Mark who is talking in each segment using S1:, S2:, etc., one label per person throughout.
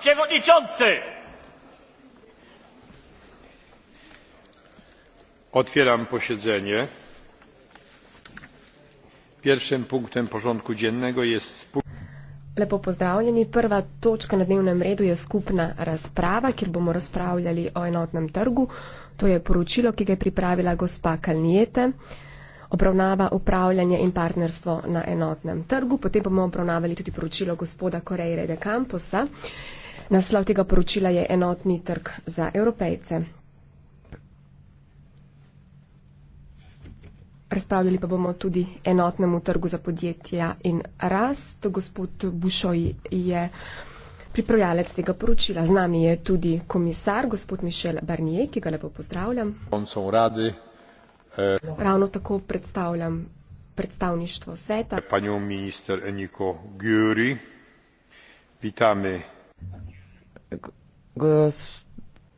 S1: przewodniczący!
S2: otwieram posiedzenie. pierwszym punktem porządku dziennego jest
S3: Lepo pozdravljeni. Prva točka na dnevnem redu je skupna razprava, kjer bomo razpravljali o enotnem trgu. To je poročilo, ki ga je pripravila gospa Kalnijete. Obravnava upravljanje in partnerstvo na enotnem trgu. Potem bomo obravnavali tudi poročilo gospoda Korejre de Camposa, Naslov tega poročila je enotni trg za evropejce. Razpravljali pa bomo tudi enotnemu trgu za podjetja in rast. Gospod Bušoj je pripravljalec tega poročila. Z nami je tudi komisar, gospod Mišel Barnier, ki ga lepo pozdravljam.
S1: Radi,
S2: eh, Ravno
S3: tako predstavljam predstavništvo sveta.
S2: Panjo minister Eniko Gjuri, vitame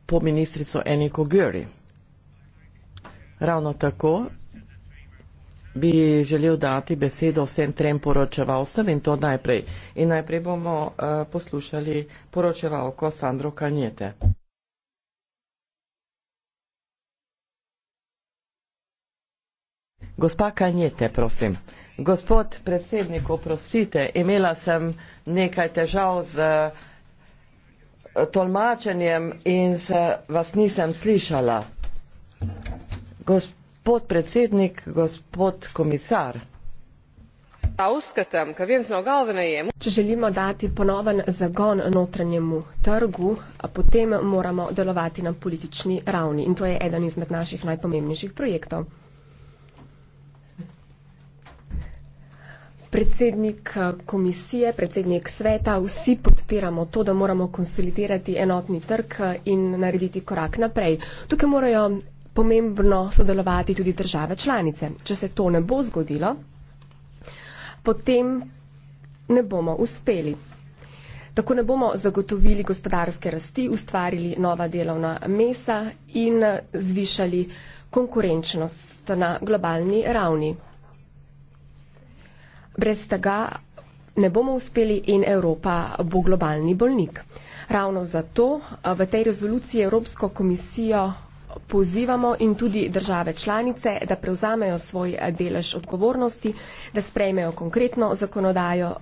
S1: po ministrico Eniko Göri. Ravno tako bi želel dati besedo vsem trem poročevalcem in to najprej. In najprej bomo uh, poslušali poročevalko Sandro Kanjete. Gospa Kanjete, prosim. Gospod predsednik, oprostite, imela sem nekaj težav z uh, tolmačenjem in se vas nisem slišala.
S3: Gospod predsednik, gospod komisar. Če želimo dati ponoven zagon notranjemu trgu, potem moramo delovati na politični ravni in to je eden izmed naših najpomembnejših projektov. predsednik eh, komisije, predsednik sveta, vsi podpiramo to, da moramo konsolidirati enotni trg eh, in narediti korak naprej. Tukaj morajo pomembno sodelovati tudi države članice. Če se to ne bo zgodilo, potem ne bomo uspeli. Tako ne bomo zagotovili gospodarske rasti, ustvarili nova delovna mesa in eh, zvišali konkurenčnost na globalni ravni brez tega ne bomo uspeli in Evropa bo globalni bolnik. Ravno zato eh, v tej rezoluciji Evropsko komisijo pozivamo in tudi države članice, da prevzamejo svoj eh, delež odgovornosti, da sprejmejo konkretno zakonodajo,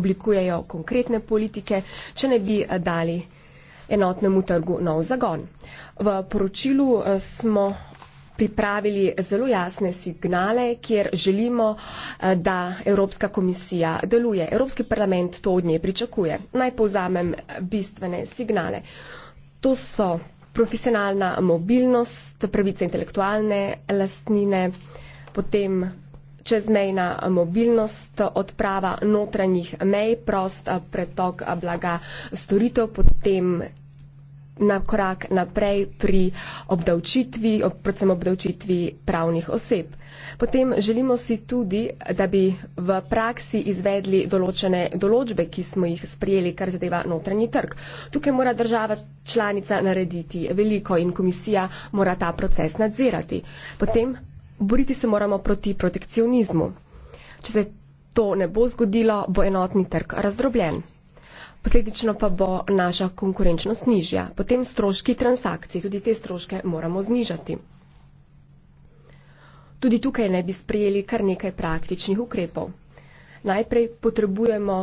S3: oblikujejo konkretne politike, če ne bi eh, dali enotnemu trgu nov zagon. V poročilu smo pripravili zelo jasne signale, kjer želimo, eh, da Evropska komisija deluje. Evropski parlament to od nje pričakuje. Naj povzamem eh, bistvene signale. To so profesionalna mobilnost, pravice intelektualne lastnine, potem čezmejna mobilnost, odprava notranjih mej, prost eh, pretok blaga storitev, potem na korak naprej pri obdavčitvi, predvsem obdavčitvi pravnih oseb. Potem želimo si tudi, da bi v praksi izvedli določene določbe, ki smo jih sprijeli, kar zadeva notranji trg. Tukaj mora država članica narediti veliko in komisija mora ta proces nadzirati. Potem boriti se moramo proti protekcionizmu. Če se to ne bo zgodilo, bo enotni trg razdrobljen posledično pa bo naša konkurenčnost nižja. Potem stroški transakcij, tudi te stroške moramo znižati. Tudi tukaj ne bi sprejeli kar nekaj praktičnih ukrepov. Najprej potrebujemo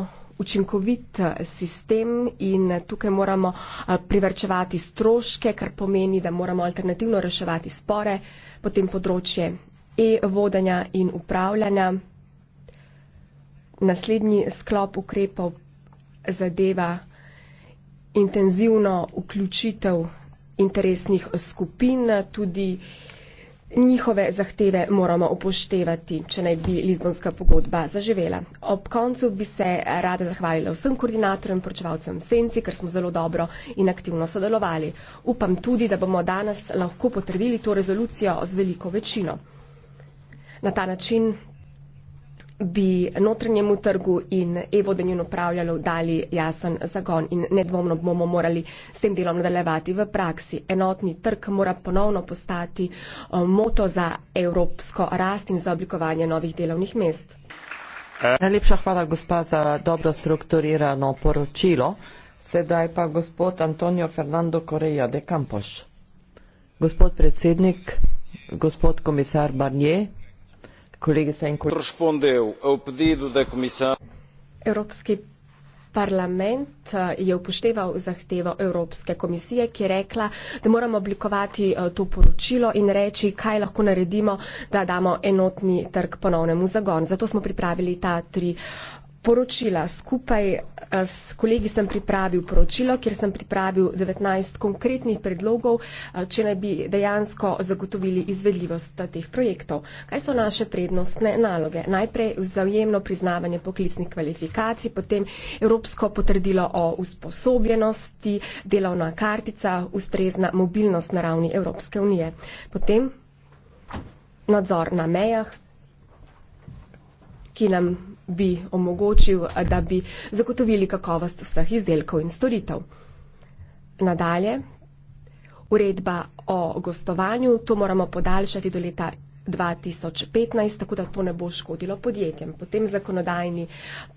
S3: učinkovit eh, sistem in tukaj moramo eh, privrčevati stroške, kar pomeni, da moramo alternativno reševati spore, potem področje e-vodanja in upravljanja. Naslednji sklop ukrepov zadeva intenzivno vključitev interesnih skupin, tudi njihove zahteve moramo upoštevati, če naj bi Lizbonska pogodba zaživela. Ob koncu bi se rada zahvalila vsem koordinatorjem, poročevalcem Senci, ker smo zelo dobro in aktivno sodelovali. Upam tudi, da bomo danes lahko potrdili to rezolucijo z veliko večino. Na ta način bi notranjemu trgu in e-vodenju upravljalov dali jasen zagon in nedvomno bomo morali s tem delom nadaljevati v praksi. Enotni trg mora ponovno postati eh, moto za evropsko rast in za oblikovanje novih delovnih mest.
S2: Eh. Najlepša
S1: hvala, gospa, za dobro strukturirano poročilo. Sedaj pa gospod Antonio Fernando Correa de Campos. Gospod predsednik,
S3: gospod komisar Barnier, kolegice in kolegi. Evropski parlament eh, je upošteval zahtevo Evropske komisije, ki je rekla, da moramo oblikovati eh, to poročilo in reči, kaj lahko naredimo, da damo enotni trg ponovnemu zagon. Zato smo pripravili ta tri uh, poročila. Skupaj eh, s kolegi sem pripravil poročilo, kjer sem pripravil 19 konkretnih predlogov, eh, če naj bi dejansko zagotovili izvedljivost eh, teh projektov. Kaj so naše prednostne naloge? Najprej vzajemno priznavanje poklicnih kvalifikacij, potem Evropsko potrdilo o usposobljenosti, delovna kartica, ustrezna mobilnost na ravni Evropske unije. Potem nadzor na mejah, ki nam bi omogočil, da bi zagotovili kakovost vseh izdelkov in storitev. Nadalje, uredba o gostovanju, to moramo podaljšati do leta 2015, tako da to ne bo škodilo podjetjem. Potem zakonodajni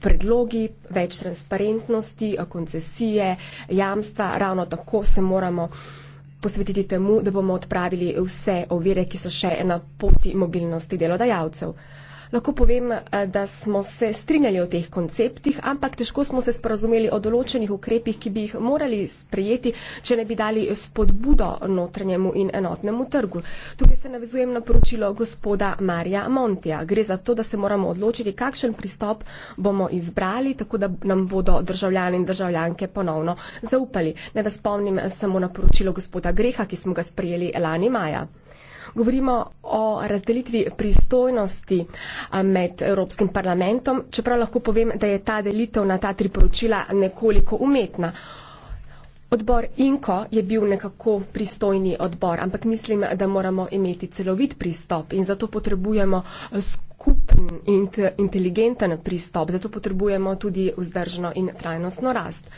S3: predlogi, več transparentnosti, koncesije, jamstva, ravno tako se moramo posvetiti temu, da bomo odpravili vse ovire, ki so še na poti mobilnosti delodajalcev. Lahko povem, eh, da smo se strinjali o teh konceptih, ampak težko smo se sporazumeli o določenih ukrepih, ki bi jih morali sprejeti, če ne bi dali spodbudo notranjemu in enotnemu trgu. Tukaj se navezujem na poročilo gospoda Marija Montija. Gre za to, da se moramo odločiti, kakšen pristop bomo izbrali, tako da nam bodo državljani in državljanke ponovno zaupali. Ne vas spomnim samo na poročilo gospoda Greha, ki smo ga sprejeli lani maja. Govorimo o razdelitvi pristojnosti med Evropskim parlamentom, čeprav lahko povem, da je ta delitev na ta tri poročila nekoliko umetna. Odbor INKO je bil nekako pristojni odbor, ampak mislim, da moramo imeti celovit pristop in zato potrebujemo skupen in inteligenten pristop, zato potrebujemo tudi vzdržno in trajnostno rast.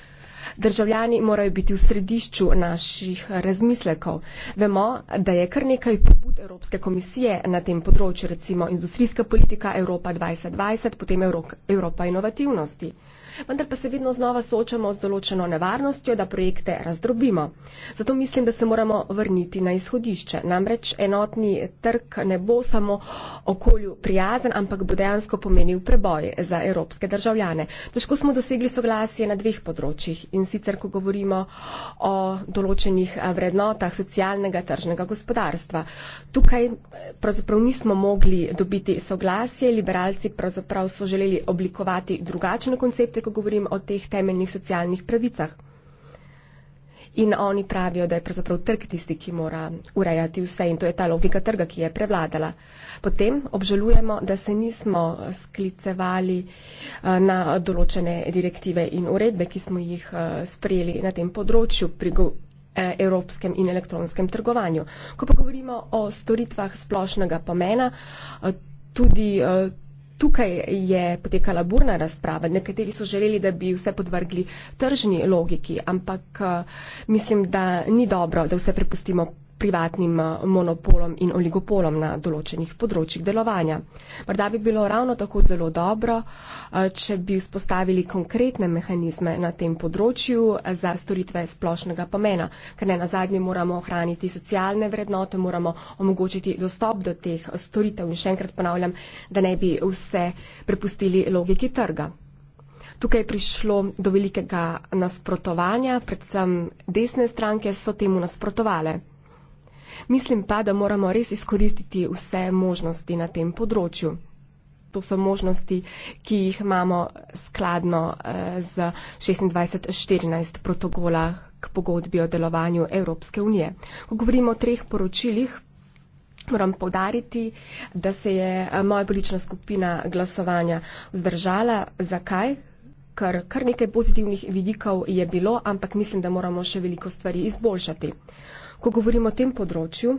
S3: Državljani morajo biti v središču naših razmislekov. Vemo, da je kar nekaj pobud Evropske komisije na tem področju, recimo industrijska politika Evropa 2020, potem Evropa inovativnosti vendar pa se vedno znova soočamo z določeno nevarnostjo, da projekte razdrobimo. Zato mislim, da se moramo vrniti na izhodišče. Namreč enotni trg ne bo samo okolju prijazen, ampak bo dejansko pomenil preboj za evropske državljane. Težko smo dosegli soglasje na dveh področjih in sicer, ko govorimo o določenih eh, vrednotah socialnega tržnega gospodarstva. Tukaj eh, pravzaprav nismo mogli dobiti soglasje, liberalci pravzaprav so želeli oblikovati drugačne koncepte, govorim o teh temeljnih socialnih pravicah. In oni pravijo, da je pravzaprav trg tisti, ki mora urejati vse in to je ta logika trga, ki je prevladala. Potem obžalujemo, da se nismo sklicevali eh, na določene direktive in uredbe, ki smo jih eh, sprejeli na tem področju pri eh, evropskem in elektronskem trgovanju. Ko pa govorimo o storitvah splošnega pomena, tudi tukaj je potekala burna razprava. Nekateri so želeli, da bi vse podvrgli tržni logiki, ampak eh, mislim, da ni dobro, da vse prepustimo privatnim eh, monopolom in oligopolom na določenih področjih delovanja. Morda bi bilo ravno tako zelo dobro, eh, če bi vzpostavili konkretne mehanizme na tem področju eh, za storitve splošnega pomena, ker ne na zadnje moramo ohraniti socialne vrednote, moramo omogočiti dostop do teh storitev in še enkrat ponavljam, da ne bi vse prepustili logiki trga. Tukaj je prišlo do velikega nasprotovanja, predvsem desne stranke so temu nasprotovale. Mislim pa, da moramo res izkoristiti vse možnosti na tem področju. To so možnosti, ki jih imamo skladno eh, z 26.14 protokola k pogodbi o delovanju Evropske unije. Ko govorimo o treh poročilih, moram podariti, da se je eh, moja politična skupina glasovanja vzdržala. Zakaj? Ker kar nekaj pozitivnih vidikov je bilo, ampak mislim, da moramo še veliko stvari izboljšati. Ko govorimo o tem področju,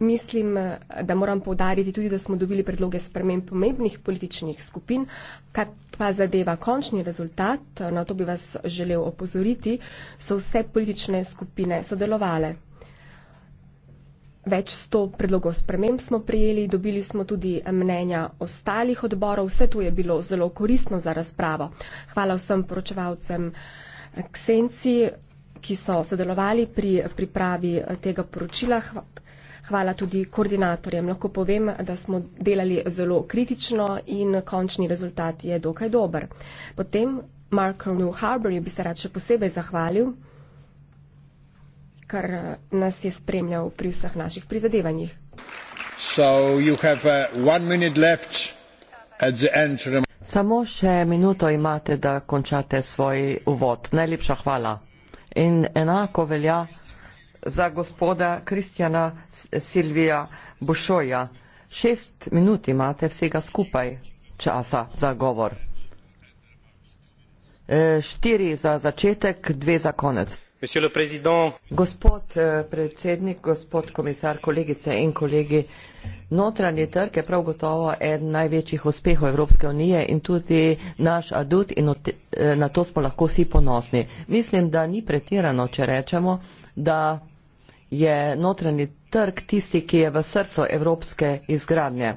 S3: mislim, da moram povdariti tudi, da smo dobili predloge sprememb pomembnih političnih skupin, kar pa zadeva končni rezultat, na to bi vas želel opozoriti, so vse politične skupine sodelovale. Več sto predlogov sprememb smo prijeli, dobili smo tudi mnenja ostalih odborov, vse to je bilo zelo koristno za razpravo. Hvala vsem poročevalcem Ksenci, ki so sodelovali pri pripravi eh, tega poročila. Hvala tudi koordinatorjem. Lahko povem, da smo delali zelo kritično in končni rezultat je dokaj dober. Potem Marko New Harbourju bi se rad še posebej zahvalil, kar eh, nas je spremljal pri vseh naših prizadevanjih.
S2: Eh,
S1: Samo še minuto imate, da končate svoj uvod. Najlepša hvala. In enako velja za gospoda Kristjana Silvija Bušoja. Šest minut imate vsega skupaj časa za govor. E, štiri za začetek, dve za konec. Gospod e, predsednik, gospod komisar, kolegice in kolegi, Notranji trg je prav gotovo eden največjih uspehov Evropske unije in tudi naš adut in eh, na to smo lahko vsi ponosni. Mislim, da ni pretirano, če rečemo, da je notranji trg tisti, ki je v srcu evropske izgradnje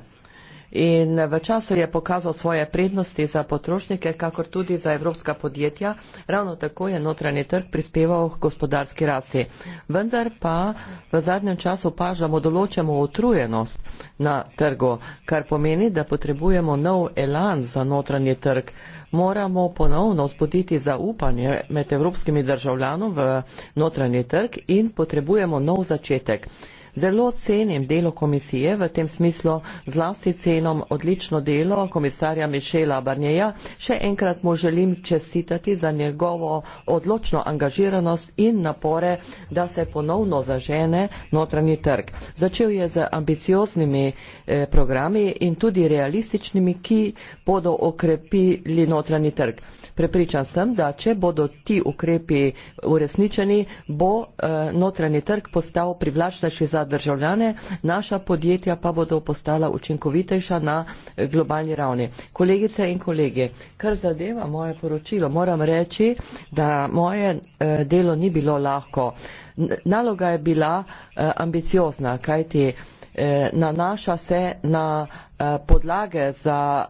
S1: in v času je pokazal svoje prednosti za potrošnike, kakor tudi za evropska podjetja. Ravno tako je notranji trg prispeval k gospodarski rasti. Vendar pa v zadnjem času pažamo določeno utrujenost na trgu, kar pomeni, da potrebujemo nov elan za notranji trg. Moramo ponovno spoditi zaupanje med evropskimi državljanom v notranji trg in potrebujemo nov začetek. Zelo cenim delo komisije v tem smislu, zlasti cenom odlično delo komisarja Mišela Barnjeja. Še enkrat mu želim čestitati za njegovo odločno angažiranost in napore, da se ponovno zažene notranji trg. Začel je z ambicioznimi eh, programi in tudi realističnimi, ki bodo okrepili notranji trg. Prepričan sem, da če bodo ti ukrepi uresničeni, bo eh, notranji trg postal privlačnejši za za državljane, naša podjetja pa bodo postala učinkovitejša na globalni ravni. Kolegice in kolege, kar zadeva moje poročilo, moram reči, da moje eh, delo ni bilo lahko. Naloga je bila eh, ambiciozna, kajti eh, nanaša se na podlage za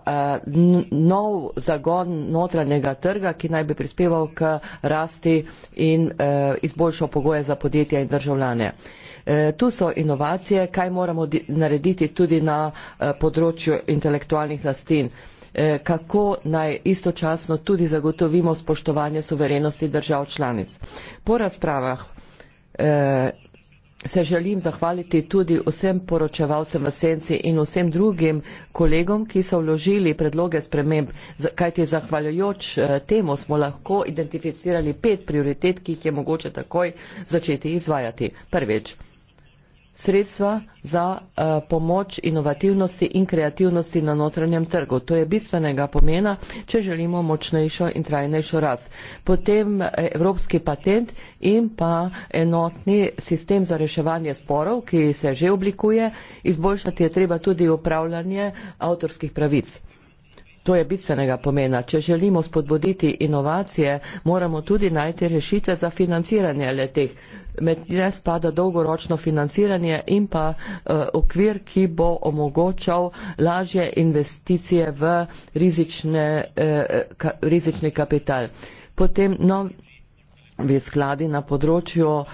S1: nov zagon notranjega trga, ki naj bi prispeval k rasti in izboljšal pogoje za podjetja in državljane. E, tu so inovacije, kaj moramo narediti tudi na e, področju intelektualnih lastin. E, kako naj istočasno tudi zagotovimo spoštovanje soverenosti držav članic. Po razpravah se želim zahvaliti tudi vsem poročevalcem v senci in vsem drugim kolegom, ki so vložili predloge sprememb, kajti zahvaljujoč temu smo lahko identificirali pet prioritet, ki jih je mogoče takoj začeti izvajati. Prvič sredstva za uh, pomoč inovativnosti in kreativnosti na notranjem trgu. To je bistvenega pomena, če želimo močnejšo in trajnejšo rast. Potem eh, evropski patent in pa enotni sistem za reševanje sporov, ki se že oblikuje. Izboljšati je treba tudi upravljanje avtorskih pravic. To je bistvenega pomena. Če želimo spodbuditi inovacije, moramo tudi najti rešitve za financiranje letih. Med ne spada dolgoročno financiranje in pa uh, okvir, ki bo omogočal lažje investicije v rizične, uh, ka, rizični kapital. Potem novi skladi na področju uh,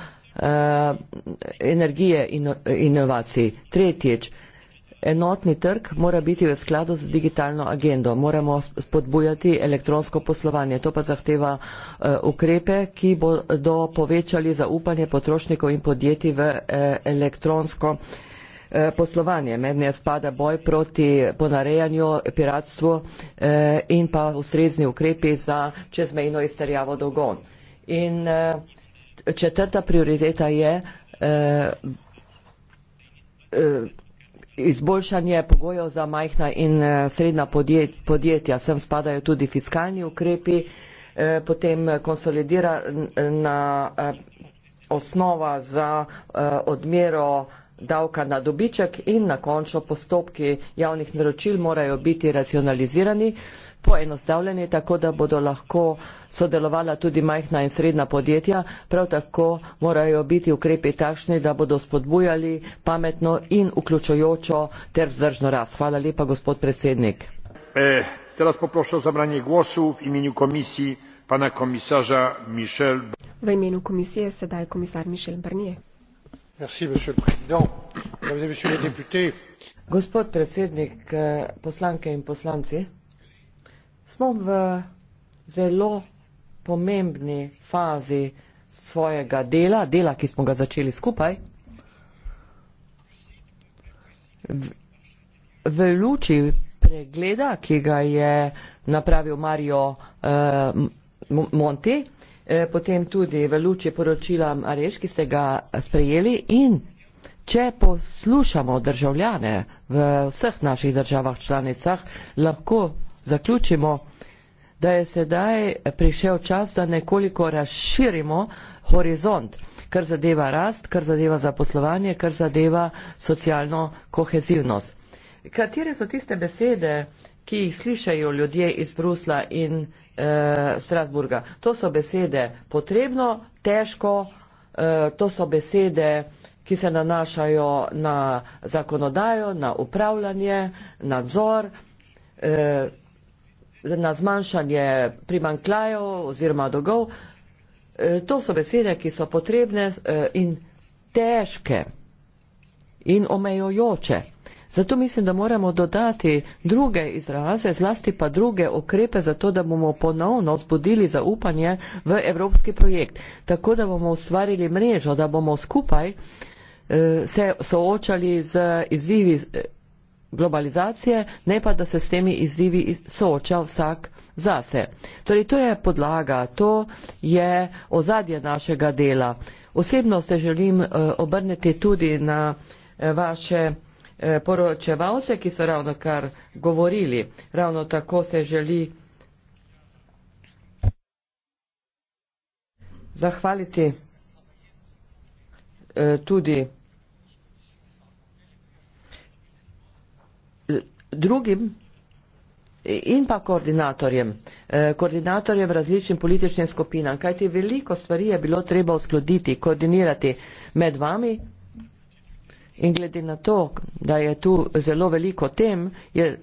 S1: energije in inovacij. Tretjič. Uh, enotni trg mora biti v skladu z digitalno agendo. Moramo spodbujati elektronsko poslovanje. To pa zahteva eh, ukrepe, ki bodo povečali zaupanje potrošnikov in podjetij v eh, elektronsko eh, poslovanje. Mednje spada boj proti ponarejanju, piratstvu in pa ustrezni ukrepi za čezmejno izterjavo dolgov. In četrta prioriteta je izboljšanje pogojev za majhna in eh, srednja podjetja, sem spadajo tudi fiskalni ukrepi, eh, potem konsolidira na eh, osnova za odmero davka na dobiček in na končno postopki javnih naročil morajo biti racionalizirani poenostavljeni, tako da bodo lahko sodelovala tudi majhna in srednja podjetja. Prav tako morajo biti ukrepi takšni, da bodo spodbujali pametno in vključujočo ter vzdržno rast. Hvala lepa, gospod predsednik.
S2: Eh, teraz poprošam za branje glasov v imenu komisije, pa na komisarja Mišel.
S3: V imenu komisije sedaj je komisar Mišel Brnije.
S2: Merci,
S1: Gospod predsednik, e, poslanke in poslanci smo v zelo pomembni fazi svojega dela, dela, ki smo ga začeli skupaj. V, v luči pregleda, ki ga je napravil Mario eh, Monti, eh, potem tudi v luči poročila Areš, ki ste ga sprejeli in če poslušamo državljane v vseh naših državah članicah, lahko zaključimo, da je sedaj prišel čas, da nekoliko razširimo horizont, kar zadeva rast, kar zadeva zaposlovanje, kar zadeva socialno kohezivnost. Katere so tiste besede, ki jih slišajo ljudje iz Brusla in e, Strasburga? To so besede potrebno, težko, e, to so besede, ki se nanašajo na zakonodajo, na upravljanje, nadzor. E, na zmanjšanje primankljajev oziroma dolgov. E, to so besede, ki so potrebne e, in težke in omejojoče. Zato mislim, da moramo dodati druge izraze, zlasti pa druge okrepe, zato da bomo ponovno zbudili zaupanje v evropski projekt. Tako da bomo ustvarili mrežo, da bomo skupaj e, se soočali z izzivi globalizacije, ne pa da se s temi izzivi sooča vsak zase. Torej, to je podlaga, to je ozadje našega dela. Osebno se želim eh, obrniti tudi na eh, vaše eh, poročevalce, ki so ravno kar govorili. Ravno tako se želi zahvaliti tudi drugim in pa koordinatorjem, eh, koordinatorjem različnim političnim skupinam, kajti veliko stvari je bilo treba uskladiti, koordinirati med vami in glede na to, da je tu zelo veliko tem, je eh,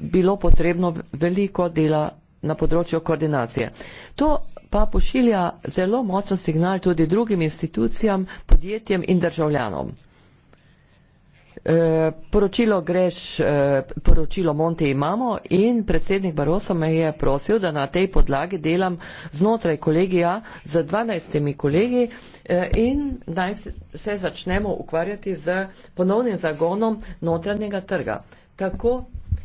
S1: bilo potrebno veliko dela na področju koordinacije. To pa pošilja zelo močen signal tudi drugim institucijam, podjetjem in državljanom. Eh, poročilo greš, eh, poročilo Monte imamo in predsednik Baroso me je prosil, da na tej podlagi delam znotraj kolegija z 12 kolegi eh, in naj se začnemo ukvarjati z ponovnim zagonom notranjega trga. Tako,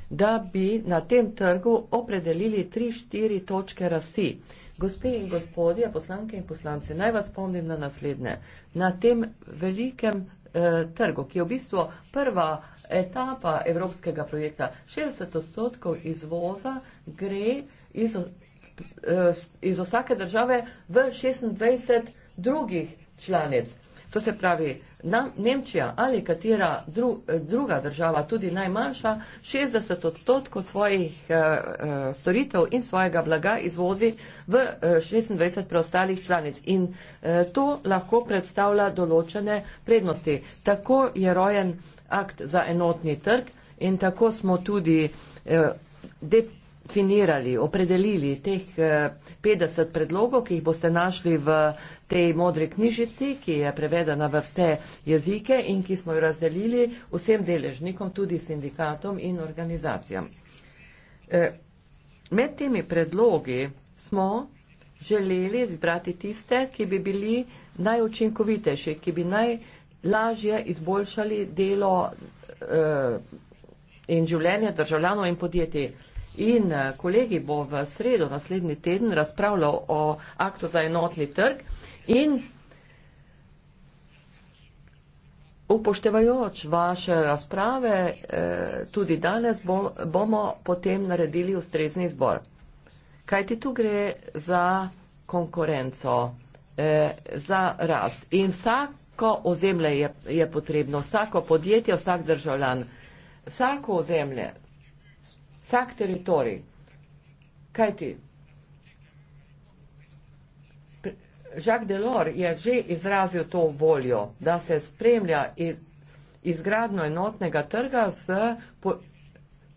S1: da bi na tem trgu opredelili 3-4 točke rasti. Gospe in gospodje, poslanke in poslanci, naj vas spomnim na naslednje. Na tem velikem Eh, trgu, ki je v bistvu prva etapa evropskega projekta. 60 odstotkov izvoza gre iz, eh, iz vsake države v 26 drugih članic. To se pravi, Nemčija ali katera dru, eh, druga država, tudi najmanjša, 60 odstotkov svojih eh, eh, storitev in svojega blaga izvozi v eh, 26 preostalih članic. In eh, to lahko predstavlja določene prednosti. Tako je rojen akt za enotni trg in tako smo tudi. Eh, definirali, opredelili teh 50 eh, predlogov, ki jih boste našli v tej modri knjižici, ki je prevedena v vse jezike in ki smo jo razdelili vsem deležnikom, tudi sindikatom in organizacijam. Eh, med temi predlogi smo želeli izbrati tiste, ki bi bili najučinkovitejši, ki bi najlažje izboljšali delo eh, in življenje državljanov in podjetij. In eh, kolegi bo v sredo naslednji teden razpravljal o aktu za enotni trg in upoštevajoč vaše razprave, eh, tudi danes bomo potem naredili ustrezni izbor. Kaj ti tu gre za konkurenco, eh, za rast? In vsako ozemlje je potrebno, vsako podjetje, vsak državljan, vsako ozemlje, vsak teritorij. Kaj ti? Jacques Delors je že izrazil to voljo, da se spremlja izgradno enotnega trga z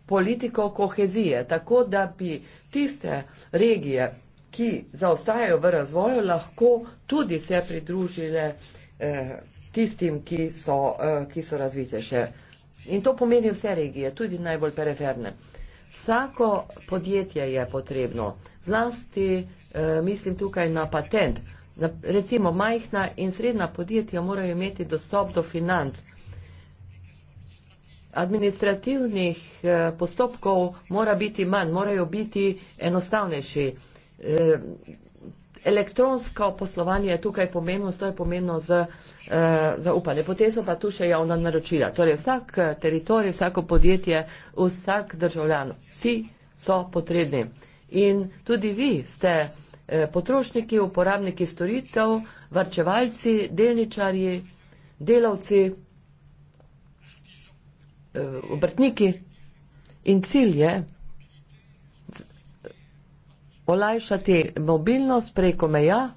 S1: politiko kohezije, tako da bi tiste regije, ki zaostajajo v razvoju, lahko tudi se pridružile eh, tistim, ki so, eh, ki so razvite še. In to pomeni vse regije, tudi najbolj periferne. Vsako podjetje je potrebno, zlasti eh, mislim tukaj na patent. Na, recimo majhna in srednja podjetja morajo imeti dostop do financ. Administrativnih eh, postopkov mora biti manj, morajo biti enostavnejši. Eh, elektronsko poslovanje je tukaj pomembno, to je pomembno z, eh, za upanje. Potem so pa tu še javna naročila. Torej vsak eh, teritorij, vsako podjetje, vsak državljan, vsi so potrebni. In tudi vi ste eh, potrošniki, uporabniki storitev, varčevalci, delničarji, delavci, obrtniki. In cilj je, olajšati mobilnost preko meja,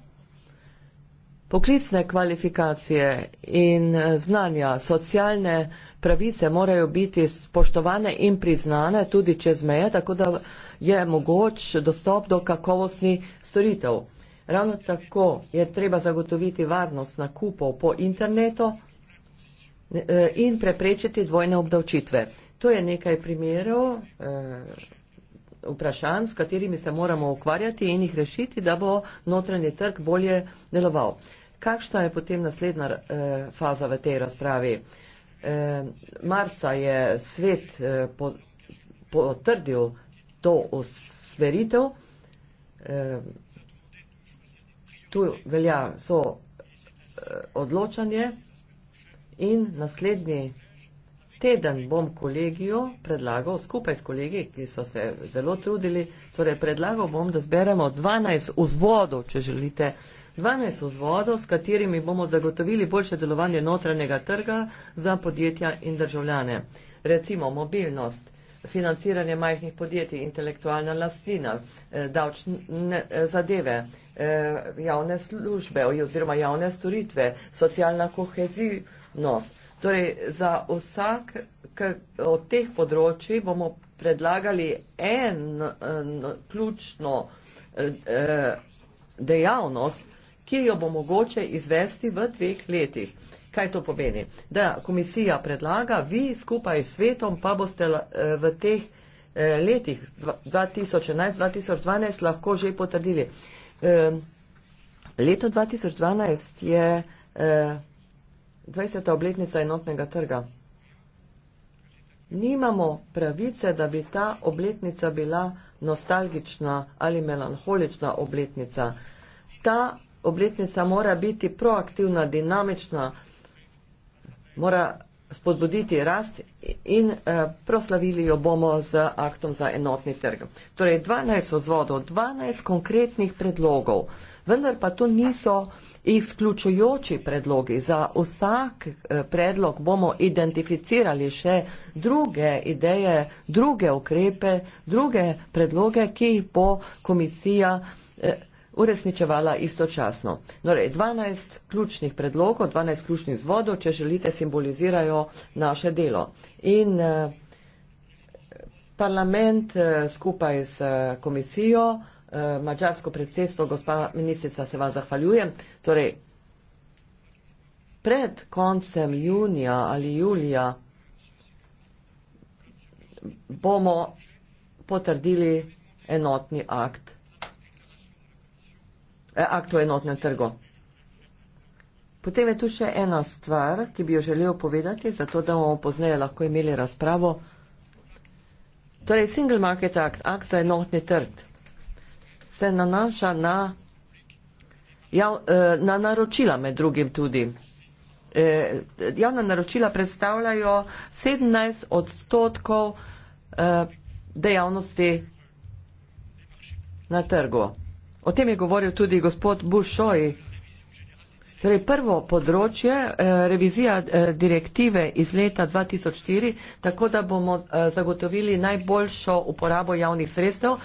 S1: poklicne kvalifikacije in eh, znanja, socialne pravice morajo biti spoštovane in priznane tudi čez meje, tako da je mogoč dostop do kakovostnih storitev. Ravno tako je treba zagotoviti varnost nakupov po internetu eh, in preprečiti dvojne obdavčitve. To je nekaj primerov. Eh, vprašanj, s katerimi se moramo ukvarjati in jih rešiti, da bo notranji trg bolje deloval. Kakšna je potem naslednja eh, faza v tej razpravi? Eh, marca je svet eh, potrdil to usmeritev. Eh, tu velja so eh, odločanje in naslednji teden bom kolegiju predlagal, skupaj s kolegi, ki so se zelo trudili, torej predlagal bom, da zberemo 12 vzvodov, če želite. 12 vzvodov, s katerimi bomo zagotovili boljše delovanje notranjega trga za podjetja in državljane. Recimo mobilnost, financiranje majhnih podjetij, intelektualna lastnina, eh, davčne eh, zadeve, eh, javne službe oziroma javne storitve, socialna kohezivnost, Torej, za vsak od teh področji bomo predlagali en, en ključno eh, eh, dejavnost, ki jo bo mogoče izvesti v dveh letih. Kaj to pomeni? Da komisija predlaga, vi skupaj s svetom pa boste eh, v teh eh, letih 2011-2012 lahko že potrdili. Leto 2012 je 20. obletnica enotnega trga. Nimamo pravice, da bi ta obletnica bila nostalgična ali melanholična obletnica. Ta obletnica mora biti proaktivna, dinamična, mora spodbuditi rast in eh, proslavili jo bomo z aktom za enotni trg. Torej, 12 odzvodov, 12 konkretnih predlogov, vendar pa to niso izključujoči predlogi. Za vsak eh, predlog bomo identificirali še druge ideje, druge ukrepe, druge predloge, ki jih bo komisija eh, uresničevala istočasno. Torej, 12 ključnih predlogov, 12 ključnih zvodov, če želite, simbolizirajo naše delo. In eh, parlament skupaj s komisijo Eh, mačarsko predsedstvo, gospa ministrica, se vam zahvaljujem. Torej, pred koncem junija ali julija bomo potrdili enotni akt, eh, akt o enotnem trgu. Potem je tu še ena stvar, ki bi jo želel povedati, zato da bomo pozneje lahko imeli razpravo. Torej, Single Market Act, akt za enotni trg se nanaša na, ja, na naročila med drugim tudi. Eh, javna naročila predstavljajo 17 odstotkov eh, dejavnosti na trgu. O tem je govoril tudi gospod Bušoji. Torej, prvo področje, revizija direktive iz leta 2004, tako da bomo zagotovili najboljšo uporabo javnih sredstev,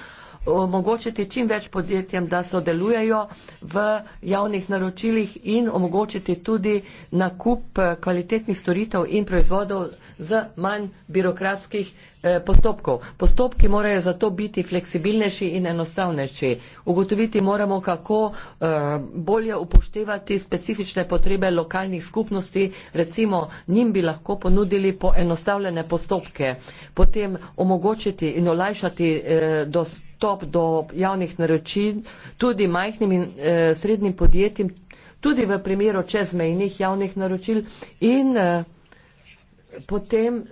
S1: omogočiti čim več podjetjem, da sodelujejo v javnih naročilih in omogočiti tudi nakup eh, kvalitetnih storitev in proizvodov z manj birokratskih eh, postopkov. Postopki morajo zato biti fleksibilnejši in enostavnejši. Ugotoviti moramo, kako eh, bolje upoštevati specifične potrebe lokalnih skupnosti, recimo njim bi lahko ponudili poenostavljene postopke, potem omogočiti in olajšati eh, dostop dostop do javnih naročil tudi majhnim in eh, srednjim podjetjem, tudi v primeru čezmejnih javnih naročil in eh, potem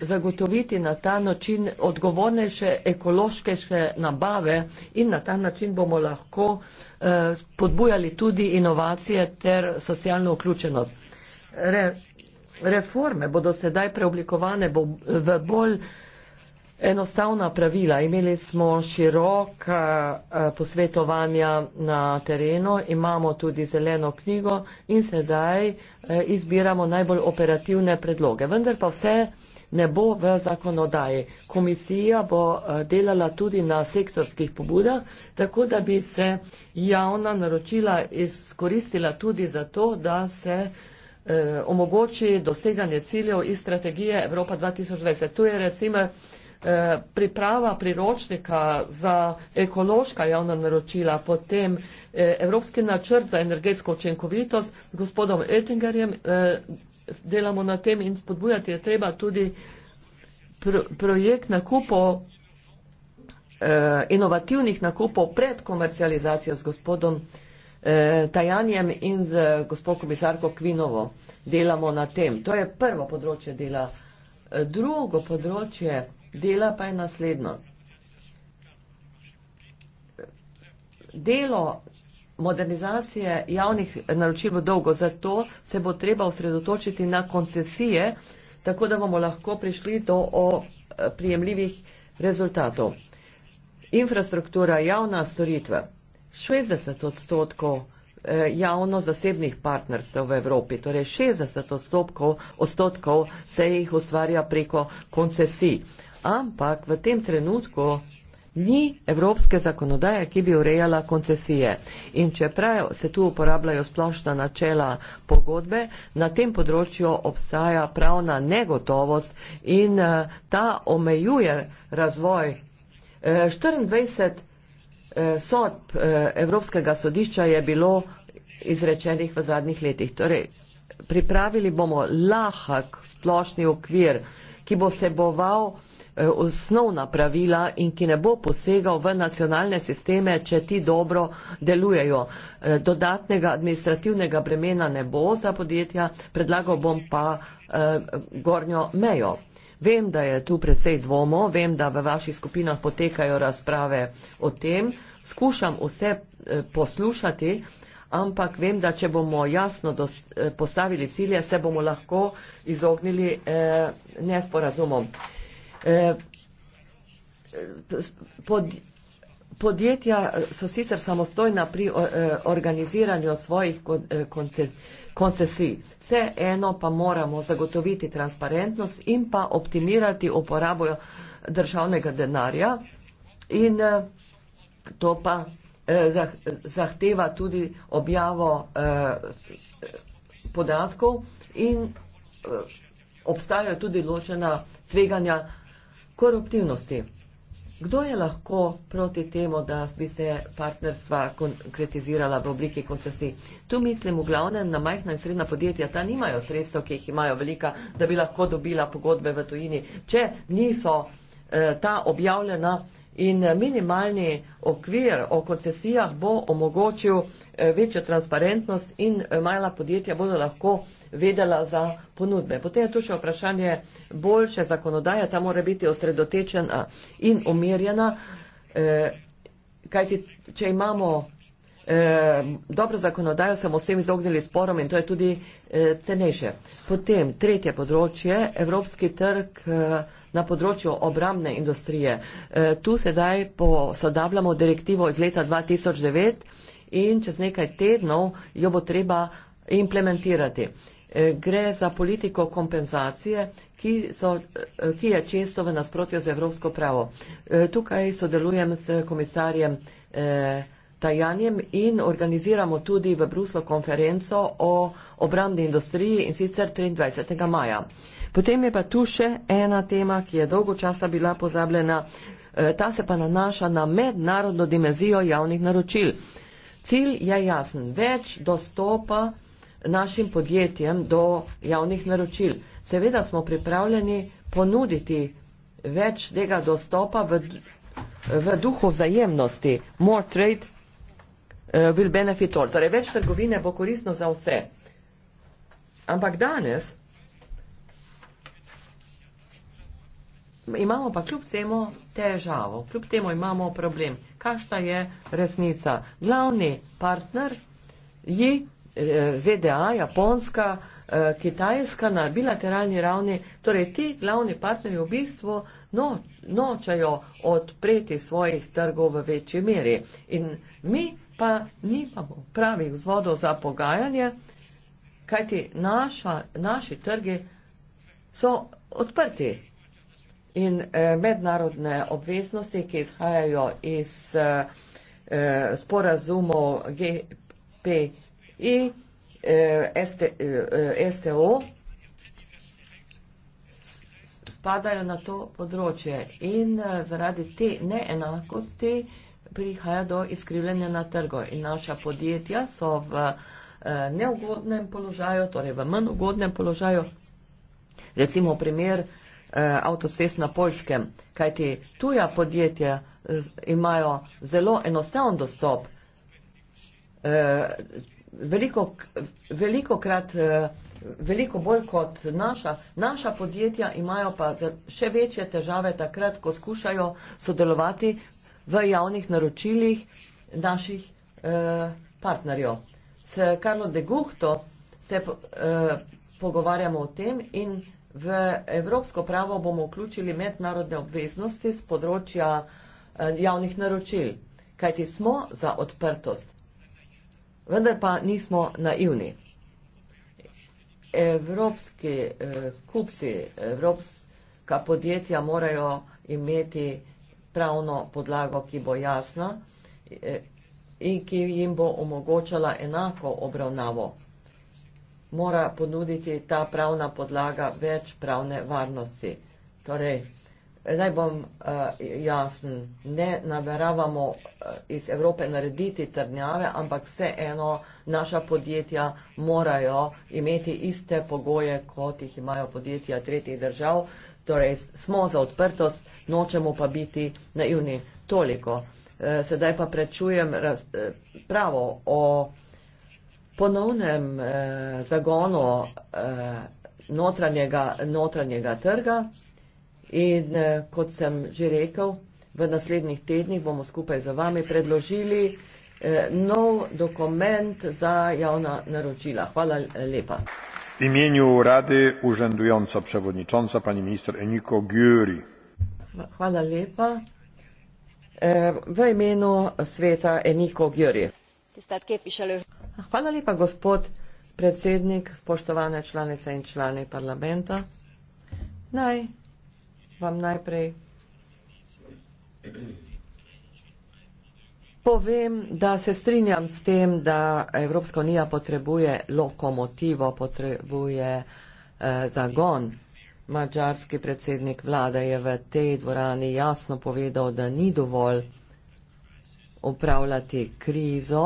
S1: zagotoviti na ta način odgovornejše ekološke nabave in na ta način bomo lahko eh, podbujali tudi inovacije ter socialno vključenost. Re, reforme bodo sedaj preoblikovane bo, v bolj eh, enostavna pravila. Imeli smo široka eh, posvetovanja na terenu, imamo tudi zeleno knjigo in sedaj eh, izbiramo najbolj operativne predloge. Vendar pa vse ne bo v zakonodaji. Komisija bo eh, delala tudi na sektorskih pobudah, tako da bi se javna naročila izkoristila tudi za to, da se omogoči doseganje ciljev iz strategije Evropa 2020. Tu je recimo Eh, priprava priročnika za ekološka javna naročila, potem eh, Evropski načrt za energetsko učinkovitost, gospodom Ettingerjem eh, delamo na tem in spodbujati je treba tudi projekt nakupov, inovativnih nakupov pred komercializacijo s gospodom Tajanjem in z gospod komisarko Kvinovo delamo na tem. To je prvo področje dela. Drugo področje dela pa je naslednjo. Delo modernizacije javnih naročil bo dolgo, zato se bo treba osredotočiti na koncesije, tako da bomo lahko prišli do prijemljivih rezultatov. Infrastruktura, javna storitva. 60 odstotkov e, javno-zasebnih partnerstv v Evropi, torej 60 odstotkov se jih ustvarja preko koncesij ampak v tem trenutku ni evropske zakonodaje, ki bi urejala koncesije. In čeprav se tu uporabljajo splošna načela pogodbe, na tem področju obstaja pravna negotovost in eh, ta omejuje razvoj. 24 eh, eh, sodb Evropskega sodišča je bilo izrečenih v zadnjih letih. Torej, pripravili bomo lahak splošni okvir, ki bo seboval eh, Eh, osnovna pravila in ki ne bo posegal v nacionalne sisteme, če ti dobro delujejo. Eh, dodatnega administrativnega bremena ne bo za podjetja, predlagal bom pa eh, gornjo mejo. Vem, da je tu predvsej dvomo, vem, da v vaših skupinah potekajo razprave o tem, skušam vse poslušati, ampak vem, da če bomo jasno postavili cilje, se bomo lahko izognili nesporazumom. Eh, pod, podjetja so sicer samostojna pri eh, organiziranju svojih eh, koncesij. Vse eno pa moramo zagotoviti transparentnost in pa optimirati uporabo državnega denarja in to pa zahteva tudi objavo podatkov in obstajajo tudi ločena tveganja koruptivnosti. Kdo je lahko proti temu, da bi se partnerstva konkretizirala v obliki koncesij? Tu mislim v glavnem na majhna in srednja podjetja, ta nimajo sredstev, ki jih imajo velika, da bi lahko dobila pogodbe v tujini, če niso eh, ta objavljena. In minimalni okvir o koncesijah bo omogočil eh, večjo transparentnost in eh, majhna podjetja bodo lahko vedela za ponudbe. Potem je tu še vprašanje boljše zakonodaje, ta mora biti osredotečena in umirjena, eh, kajti če imamo eh, dobro zakonodajo, se bomo s tem izognili sporom in to je tudi eh, cenejše. Potem tretje področje, evropski trg. Eh, na področju obramne industrije. E, tu sedaj posodabljamo direktivo iz leta 2009 in čez nekaj tednov jo bo treba implementirati. Eh, gre za politiko kompenzacije, ki, so, eh, ki je često v nasprotju z evropsko pravo. Eh, tukaj sodelujem s komisarjem Tajanjem in organiziramo tudi v Bruslo konferenco o obrambni industriji in sicer 23. maja. Potem je pa tu še ena tema, ki je dolgo časa bila pozabljena. Ta se pa nanaša na mednarodno dimenzijo javnih naročil. Cilj je jasen. Več dostopa našim podjetjem do javnih naročil. Seveda smo pripravljeni ponuditi več tega dostopa v, v duhu vzajemnosti. More trade uh, will benefit all. Torej, več trgovine bo koristno za vse. Ampak danes imamo pa kljub temu težavo, kljub temu imamo problem. Kakšna je resnica? Glavni partner je ZDA, Japonska, eh, Kitajska na bilateralni ravni, torej ti glavni partnerji v bistvu no, nočajo odpreti svojih trgov v večji meri. In mi pa nimamo pravih vzvodov za pogajanje, kajti naša, naši trgi so odprti. In eh, mednarodne obveznosti, ki izhajajo iz eh, eh sporazumov GPG, e STO e, e, spadajo na to področje in e, zaradi te neenakosti prihaja do izkrivljanja na trgu in naša podjetja so v neugodnem položaju, torej v manj ugodnem položaju, recimo primer avtosest na Poljskem, kajti tuja podjetja imajo zelo enostavn dostop veliko, veliko krat, eh, veliko bolj kot naša. Naša podjetja imajo pa še večje težave takrat, ko skušajo sodelovati v javnih naročilih naših eh, partnerjev. S Karlo de Guhto se eh, pogovarjamo o tem in v evropsko pravo bomo vključili mednarodne obveznosti z področja javnih naročil, kajti smo za odprtost. Vendar pa nismo naivni. Evropski eh, kupci, evropska podjetja morajo imeti pravno podlago, ki bo jasna eh, in ki jim bo omogočala enako obravnavo. Mora ponuditi ta pravna podlaga več pravne varnosti. Torej, eh, Zdaj bom uh, jasen, ne nameravamo uh, iz Evrope narediti trnjave, ampak vseeno naša podjetja morajo imeti iste pogoje, kot jih imajo podjetja tretjih držav. Torej, smo za odprtost, nočemo pa biti naivni toliko. Uh, sedaj pa prečujem raz, uh, pravo o ponovnem uh, zagonu uh, notranjega, notranjega trga. In eh, kot sem že rekel, v naslednjih tednih bomo skupaj z vami predložili eh, nov dokument za javna naročila. Hvala eh, lepa.
S2: V imenu urade užendujoča prevodničonca, pani minister Eniko Gjuri.
S1: Hvala lepa. V imenu sveta Eniko Gjuri. Hvala lepa, gospod predsednik, spoštovane članice in člani parlamenta. Naj vam najprej povem, da se strinjam s tem, da Evropska unija potrebuje lokomotivo, potrebuje eh, zagon. Mačarski predsednik vlade je v tej dvorani jasno povedal, da ni dovolj upravljati krizo,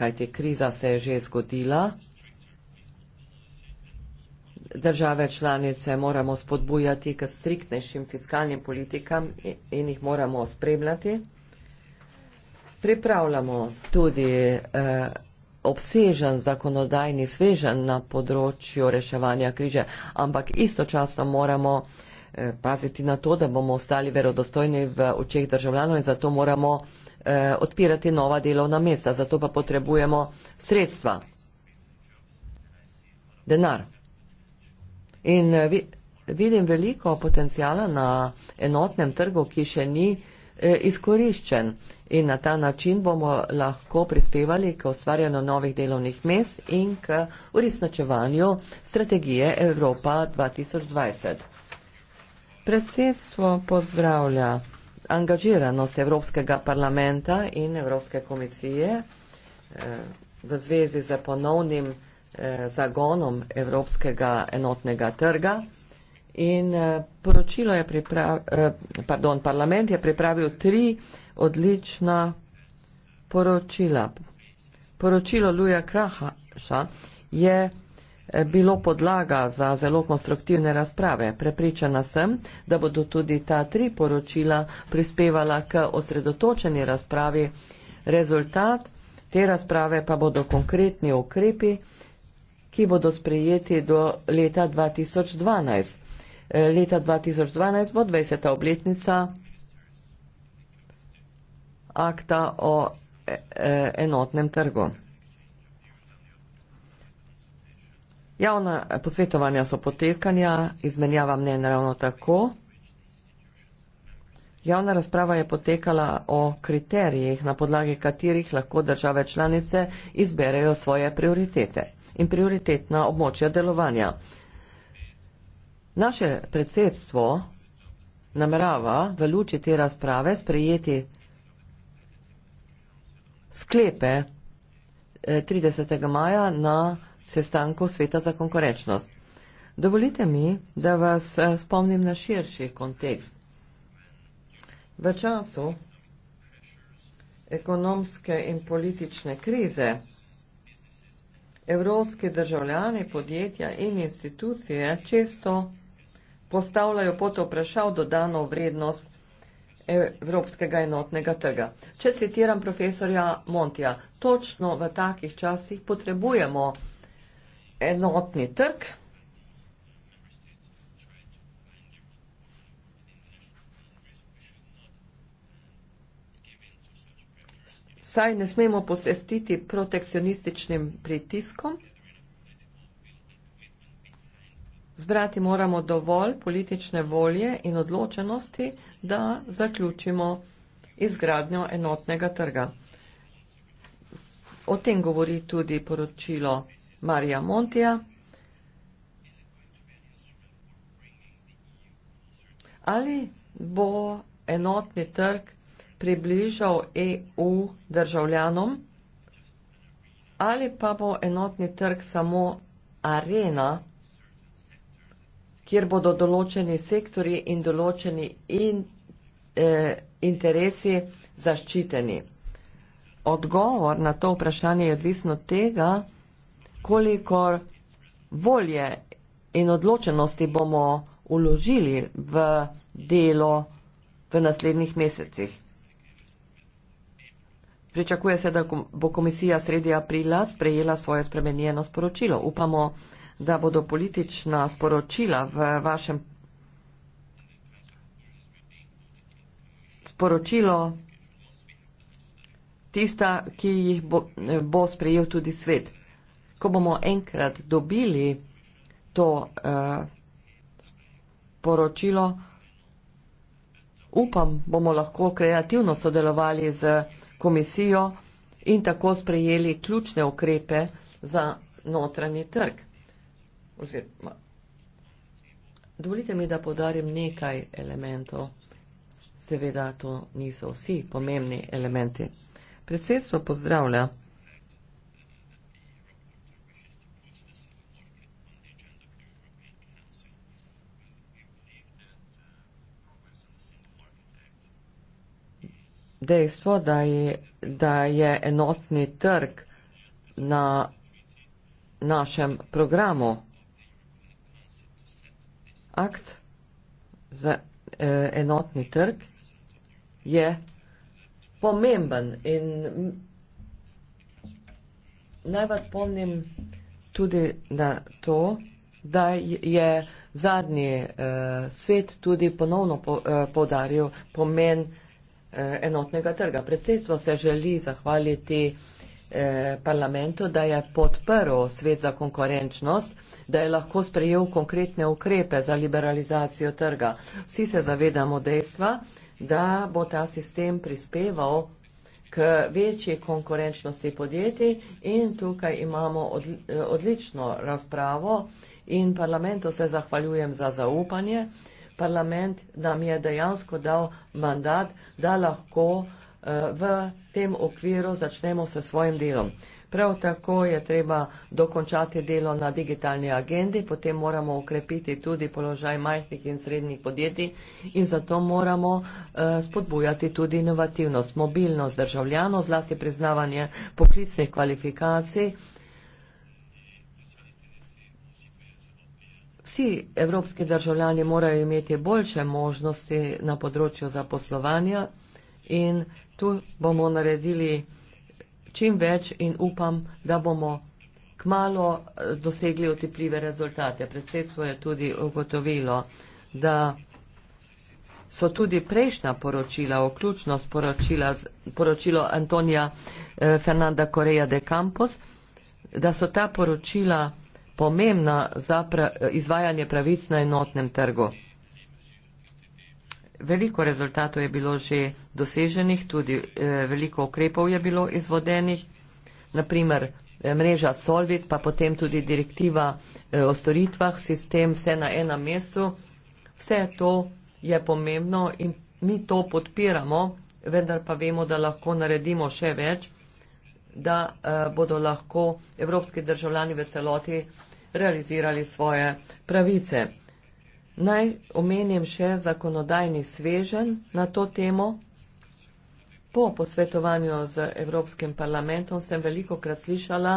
S1: kajti kriza se je že zgodila države članice moramo spodbujati k striktnejšim fiskalnim politikam in jih moramo spremljati. Pripravljamo tudi eh, obsežen zakonodajni svežen na področju reševanja križe, ampak istočasno moramo eh, paziti na to, da bomo ostali verodostojni v očeh državljanov in zato moramo eh, odpirati nova delovna mesta. Zato pa potrebujemo sredstva. Denar. In eh, vi, vidim veliko potencijala na enotnem trgu, ki še ni eh, izkoriščen. In na ta način bomo lahko prispevali k ustvarjanju novih delovnih mest in k uresničevanju strategije Evropa 2020. Predsedstvo pozdravlja angažiranost Evropskega parlamenta in Evropske komisije eh, v zvezi z ponovnim Eh, zagonom evropskega enotnega trga. In eh, poročilo je pripravil, eh, pardon, parlament je pripravil tri odlična poročila. Poročilo Luja Krahaša je bilo podlaga za zelo konstruktivne razprave. Prepričana sem, da bodo tudi ta tri poročila prispevala k osredotočeni razpravi. Rezultat te razprave pa bodo konkretni ukrepi, ki bodo sprejeti do leta 2012. E, leta 2012 bo 20. obletnica akta o e, e, enotnem trgu. Javna posvetovanja so potekanja, izmenjava mnen ravno tako. Javna razprava je potekala o kriterijih, na podlagi katerih lahko države članice izberejo svoje prioritete in prioritetna območja delovanja. Naše predsedstvo namerava v luči te razprave sprejeti sklepe 30. Eh, maja na sestanku Sveta za konkurenčnost. Dovolite mi, da vas eh, spomnim na širši kontekst. V času ekonomske in politične krize evropski državljani, podjetja in institucije često postavljajo pod vprašal dodano vrednost evropskega enotnega trga. Če citiram profesorja Montija, točno v takih časih potrebujemo enotni trg, saj ne smemo posestiti protekcionističnim pritiskom. Zbrati moramo dovolj politične volje in odločenosti, da zaključimo izgradnjo enotnega trga. O tem govori tudi poročilo Marija Montija. Ali bo enotni trg približal EU državljanom? Ali pa bo enotni trg samo arena, kjer bodo določeni sektori in določeni in, eh, interesi zaščiteni? Odgovor na to vprašanje je odvisno tega, koliko volje in odločenosti bomo uložili v delo v naslednjih mesecih. Pričakuje se, da bo komisija sredi aprila sprejela svoje spremenjeno sporočilo. Upamo, da bodo politična sporočila v vašem sporočilo tista, ki jih bo, bo sprejel tudi svet. Ko bomo enkrat dobili to eh, sporočilo, upam, bomo lahko kreativno sodelovali z komisijo in tako sprejeli ključne ukrepe za notranji trg. Oziroma, dovolite mi, da podarim nekaj elementov. Seveda, to niso vsi pomembni elementi. Predsedstvo pozdravlja dejstvo, da je, da je enotni trg na našem programu. Akt za eh, enotni trg je pomemben in naj vas spomnim tudi na to, da je zadnji eh, svet tudi ponovno po, eh, podaril pomen eh, Eh, enotnega trga. Predsedstvo se želi zahvaliti eh, parlamentu, da je podprl svet za konkurenčnost, da je lahko sprejel konkretne ukrepe za liberalizacijo trga. Vsi se zavedamo dejstva, da bo ta sistem prispeval k večji konkurenčnosti podjetij in tukaj imamo eh, odlično razpravo in parlamentu se zahvaljujem za zaupanje parlament nam je dejansko dal mandat, da lahko eh, v tem okviru začnemo s svojim delom. Prav tako je treba dokončati delo na digitalni agendi, potem moramo ukrepiti tudi položaj majhnih in srednjih podjetij in zato moramo eh, spodbujati tudi inovativnost, mobilnost državljanov, zlasti priznavanje poklicnih kvalifikacij. vsi evropski državljani morajo imeti boljše možnosti na področju zaposlovanja in tu bomo naredili čim več in upam, da bomo kmalo eh, dosegli otipljive rezultate. Predsedstvo je tudi ugotovilo, da so tudi prejšnja poročila, vključno s poročilo Antonija eh, Fernanda Koreja de Campos, da so ta poročila pomembna za pra, izvajanje pravic na enotnem trgu. Veliko rezultatov je bilo že doseženih, tudi eh, veliko ukrepov je bilo izvodenih, naprimer eh, mreža Solvit, pa potem tudi direktiva eh, o storitvah, sistem vse na enem mestu. Vse to je pomembno in mi to podpiramo, vendar pa vemo, da lahko naredimo še več, da eh, bodo lahko evropski državljani v celoti realizirali svoje pravice. Naj omenim še zakonodajni svežen na to temo. Po posvetovanju z Evropskim parlamentom sem veliko krat slišala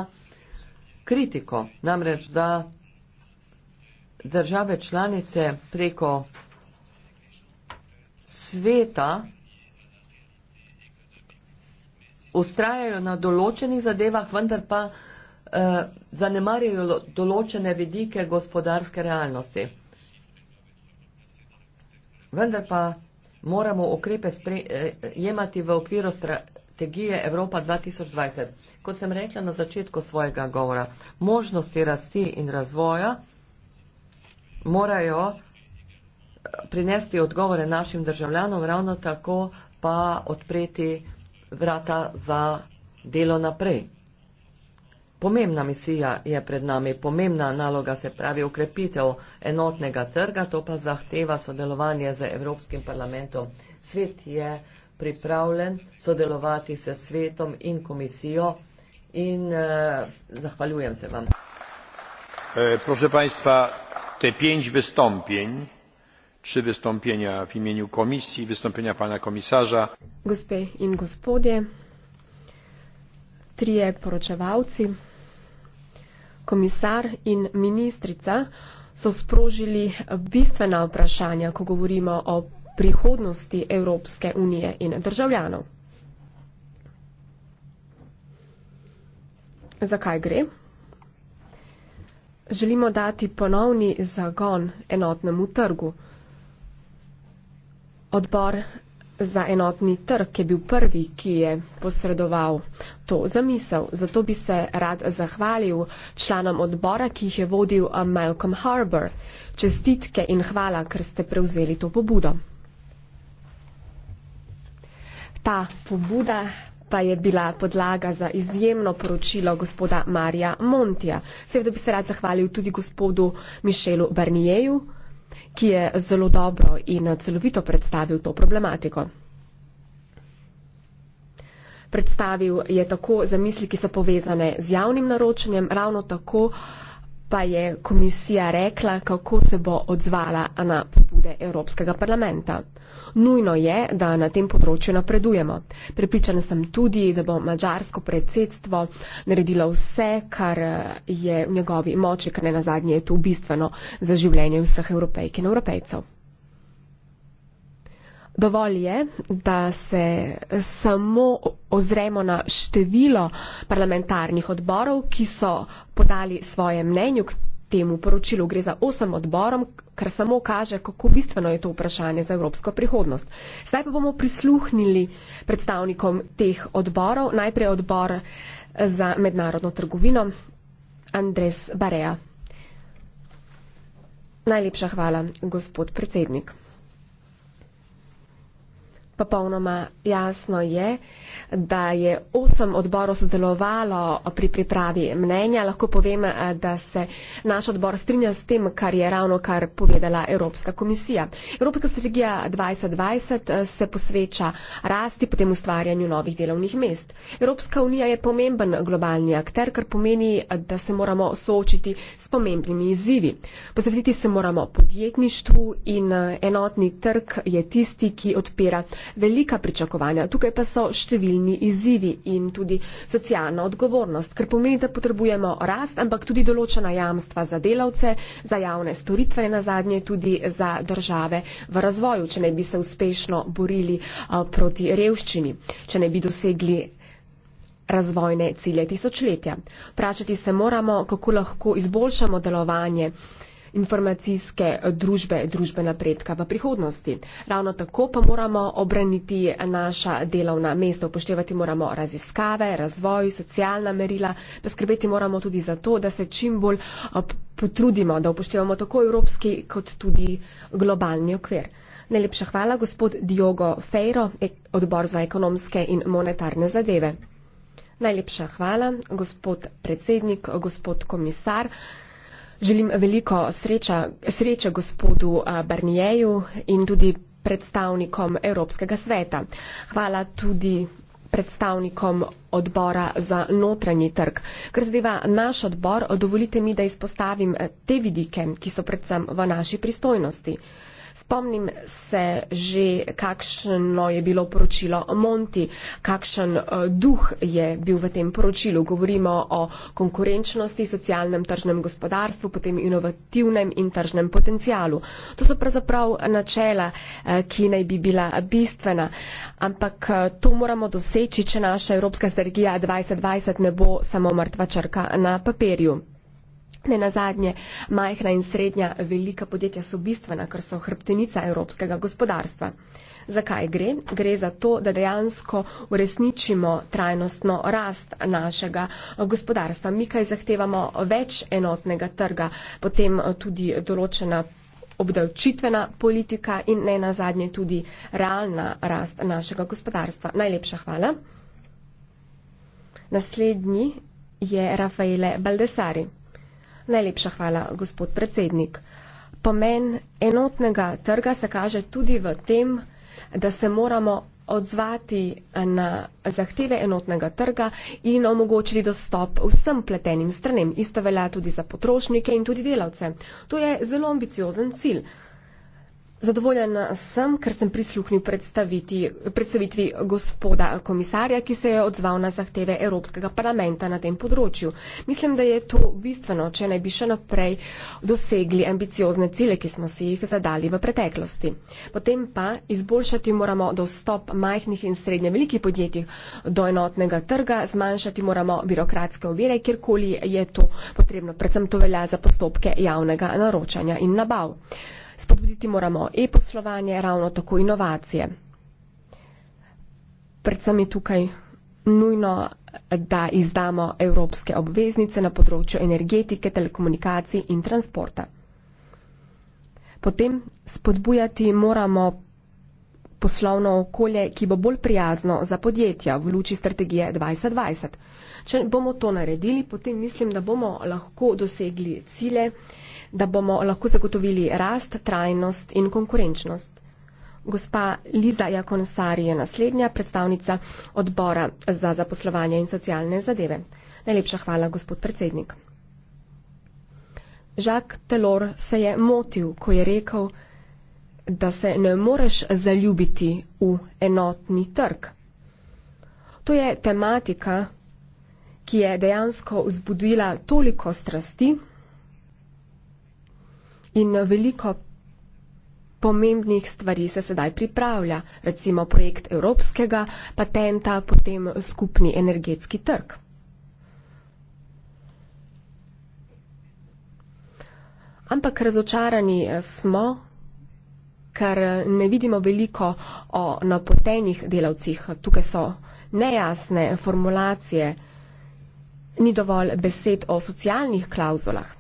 S1: kritiko, namreč da države članice preko sveta ustrajajo na določenih zadevah, vendar pa Eh, zanemarjajo določene vidike gospodarske realnosti. Vendar pa moramo ukrepe eh, jemati v okviru strategije Evropa 2020. Kot sem rekla na začetku svojega govora, možnosti rasti in razvoja morajo eh, prinesti odgovore našim državljanom, ravno tako pa odpreti vrata za delo naprej. Pomembna misija je pred nami, pomembna naloga se pravi ukrepitev enotnega trga, to pa zahteva sodelovanje z Evropskim parlamentom. Svet je pripravljen sodelovati se svetom in komisijo in eh, zahvaljujem se vam.
S2: E, proszę Państwa, te pięć wystąpień, trzy wystąpienia w imieniu Komisji, wystąpienia Pana Komisarza.
S3: Gospodzie i Gospodzie, trzy poroczewałcy komisar in ministrica so sprožili bistvena vprašanja, ko govorimo o prihodnosti Evropske unije in državljanov. Zakaj gre? Želimo dati ponovni zagon enotnemu trgu. Odbor za enotni trg je bil prvi, ki je posredoval to zamisel. Zato bi se rad zahvalil članom odbora, ki jih je vodil eh, Malcolm Harbour. Čestitke in hvala, ker ste prevzeli to pobudo. Ta pobuda pa je bila podlaga za izjemno poročilo gospoda Marija Montija. Seveda bi se rad zahvalil tudi gospodu Mišelu Barnijeju ki je zelo dobro in celovito predstavil to problematiko. Predstavil je tako zamisli, ki so povezane z javnim naročanjem, ravno tako, pa je komisija rekla, kako se bo odzvala na pobude Evropskega parlamenta. Nujno je, da na tem področju napredujemo. Pripričana sem tudi, da bo mađarsko predsedstvo naredilo vse, kar je v njegovi moči, kar ne nazadnje je to bistveno za življenje vseh evropejk in evropejcev. Dovolj je, da se samo ozremo na število parlamentarnih odborov, ki so podali svoje mnenju k temu poročilu. Gre za osem odborov, kar samo kaže, kako bistveno je to vprašanje za evropsko prihodnost. Zdaj pa bomo prisluhnili predstavnikom teh odborov. Najprej odbor za mednarodno trgovino Andres Bareja. Najlepša hvala, gospod predsednik. Popolnoma jasno je, da je osem odborov sodelovalo pri pripravi mnenja. Lahko povem, eh, da se naš odbor strinja s tem, kar je ravno kar povedala Evropska komisija. Evropska strategija 2020 eh, se posveča rasti, potem ustvarjanju novih delovnih mest. Evropska unija je pomemben globalni akter, kar pomeni, da se moramo soočiti s pomembnimi izzivi. Posvetiti se moramo podjetništvu in eh, enotni trg je tisti, ki odpira velika pričakovanja. Tukaj pa so številni številni izzivi in tudi socialno odgovornost, kar pomeni, da potrebujemo rast, ampak tudi določena jamstva za delavce, za javne storitve in na zadnje tudi za države v razvoju, če ne bi se uspešno borili proti revščini, če ne bi dosegli razvojne cilje tisočletja. Vprašati se moramo, kako lahko izboljšamo delovanje informacijske eh, družbe, družbe napredka v prihodnosti. Ravno tako pa moramo obraniti eh, naša delovna mesta, upoštevati moramo raziskave, razvoj, socialna merila, pa skrbeti moramo tudi za to, da se čim bolj eh, potrudimo, da upoštevamo tako evropski kot tudi globalni okvir. Najlepša hvala, gospod Diogo Fejro, odbor za ekonomske in monetarne zadeve. Najlepša hvala, gospod predsednik, gospod komisar. Želim veliko sreča, sreče gospodu Barnijeju in tudi predstavnikom Evropskega sveta. Hvala tudi predstavnikom odbora za notranji trg. Ker zdajva naš odbor, dovolite mi, da izpostavim te vidike, ki so predvsem v naši pristojnosti. Spomnim se že, kakšno je bilo poročilo Monti, kakšen eh, duh je bil v tem poročilu. Govorimo o konkurenčnosti, socialnem tržnem gospodarstvu, potem inovativnem in tržnem potencijalu. To so pravzaprav načela, eh, ki naj bi bila bistvena, ampak eh, to moramo doseči, če naša Evropska strategija 2020 ne bo samo mrtva črka na papirju. Ne nazadnje, majhna in srednja velika podjetja so bistvena, ker so hrbtenica evropskega gospodarstva. Zakaj gre? Gre za to, da dejansko uresničimo trajnostno rast našega gospodarstva. Mi kaj zahtevamo več enotnega trga, potem tudi določena obdavčitvena politika in ne nazadnje tudi realna rast našega gospodarstva. Najlepša hvala. Naslednji je Rafaele Baldesari. Najlepša hvala, gospod predsednik. Pomen enotnega trga se kaže tudi v tem, da se moramo odzvati na zahteve enotnega trga in omogočiti dostop vsem pletenim stranem. Isto velja tudi za potrošnike in tudi delavce. To je zelo ambiciozen cilj. Zadovoljen sem, ker sem prisluhnil predstavitvi gospoda komisarja, ki se je odzval na zahteve Evropskega parlamenta na tem področju. Mislim, da je to bistveno, če ne bi še naprej dosegli ambiciozne cilje, ki smo si jih zadali v preteklosti. Potem pa izboljšati moramo dostop majhnih in srednje velikih podjetij do enotnega trga, zmanjšati moramo birokratske ovire, kjerkoli je to potrebno. Predvsem to velja za postopke javnega naročanja in nabav. Spodbuditi moramo e-poslovanje, ravno tako inovacije. Predvsem je tukaj nujno, da izdamo evropske obveznice na področju energetike, telekomunikacij in transporta. Potem spodbujati moramo poslovno okolje, ki bo bolj prijazno za podjetja v luči strategije 2020. Če bomo to naredili, potem mislim, da bomo lahko dosegli cilje, da bomo lahko zagotovili rast, trajnost in konkurenčnost. Gospa Liza Jakonsari je naslednja predstavnica odbora za zaposlovanje in socialne zadeve. Najlepša hvala, gospod predsednik. Jacques Telor se je motil, ko je rekel, da se ne moreš zaljubiti v enotni trg. To je tematika, ki je dejansko vzbudila toliko strasti, in veliko pomembnih stvari se sedaj pripravlja, recimo projekt evropskega patenta, potem skupni energetski trg. Ampak razočarani eh, smo, ker ne vidimo veliko o napotenih delavcih. Tukaj so nejasne formulacije, ni dovolj besed o socialnih klauzulah.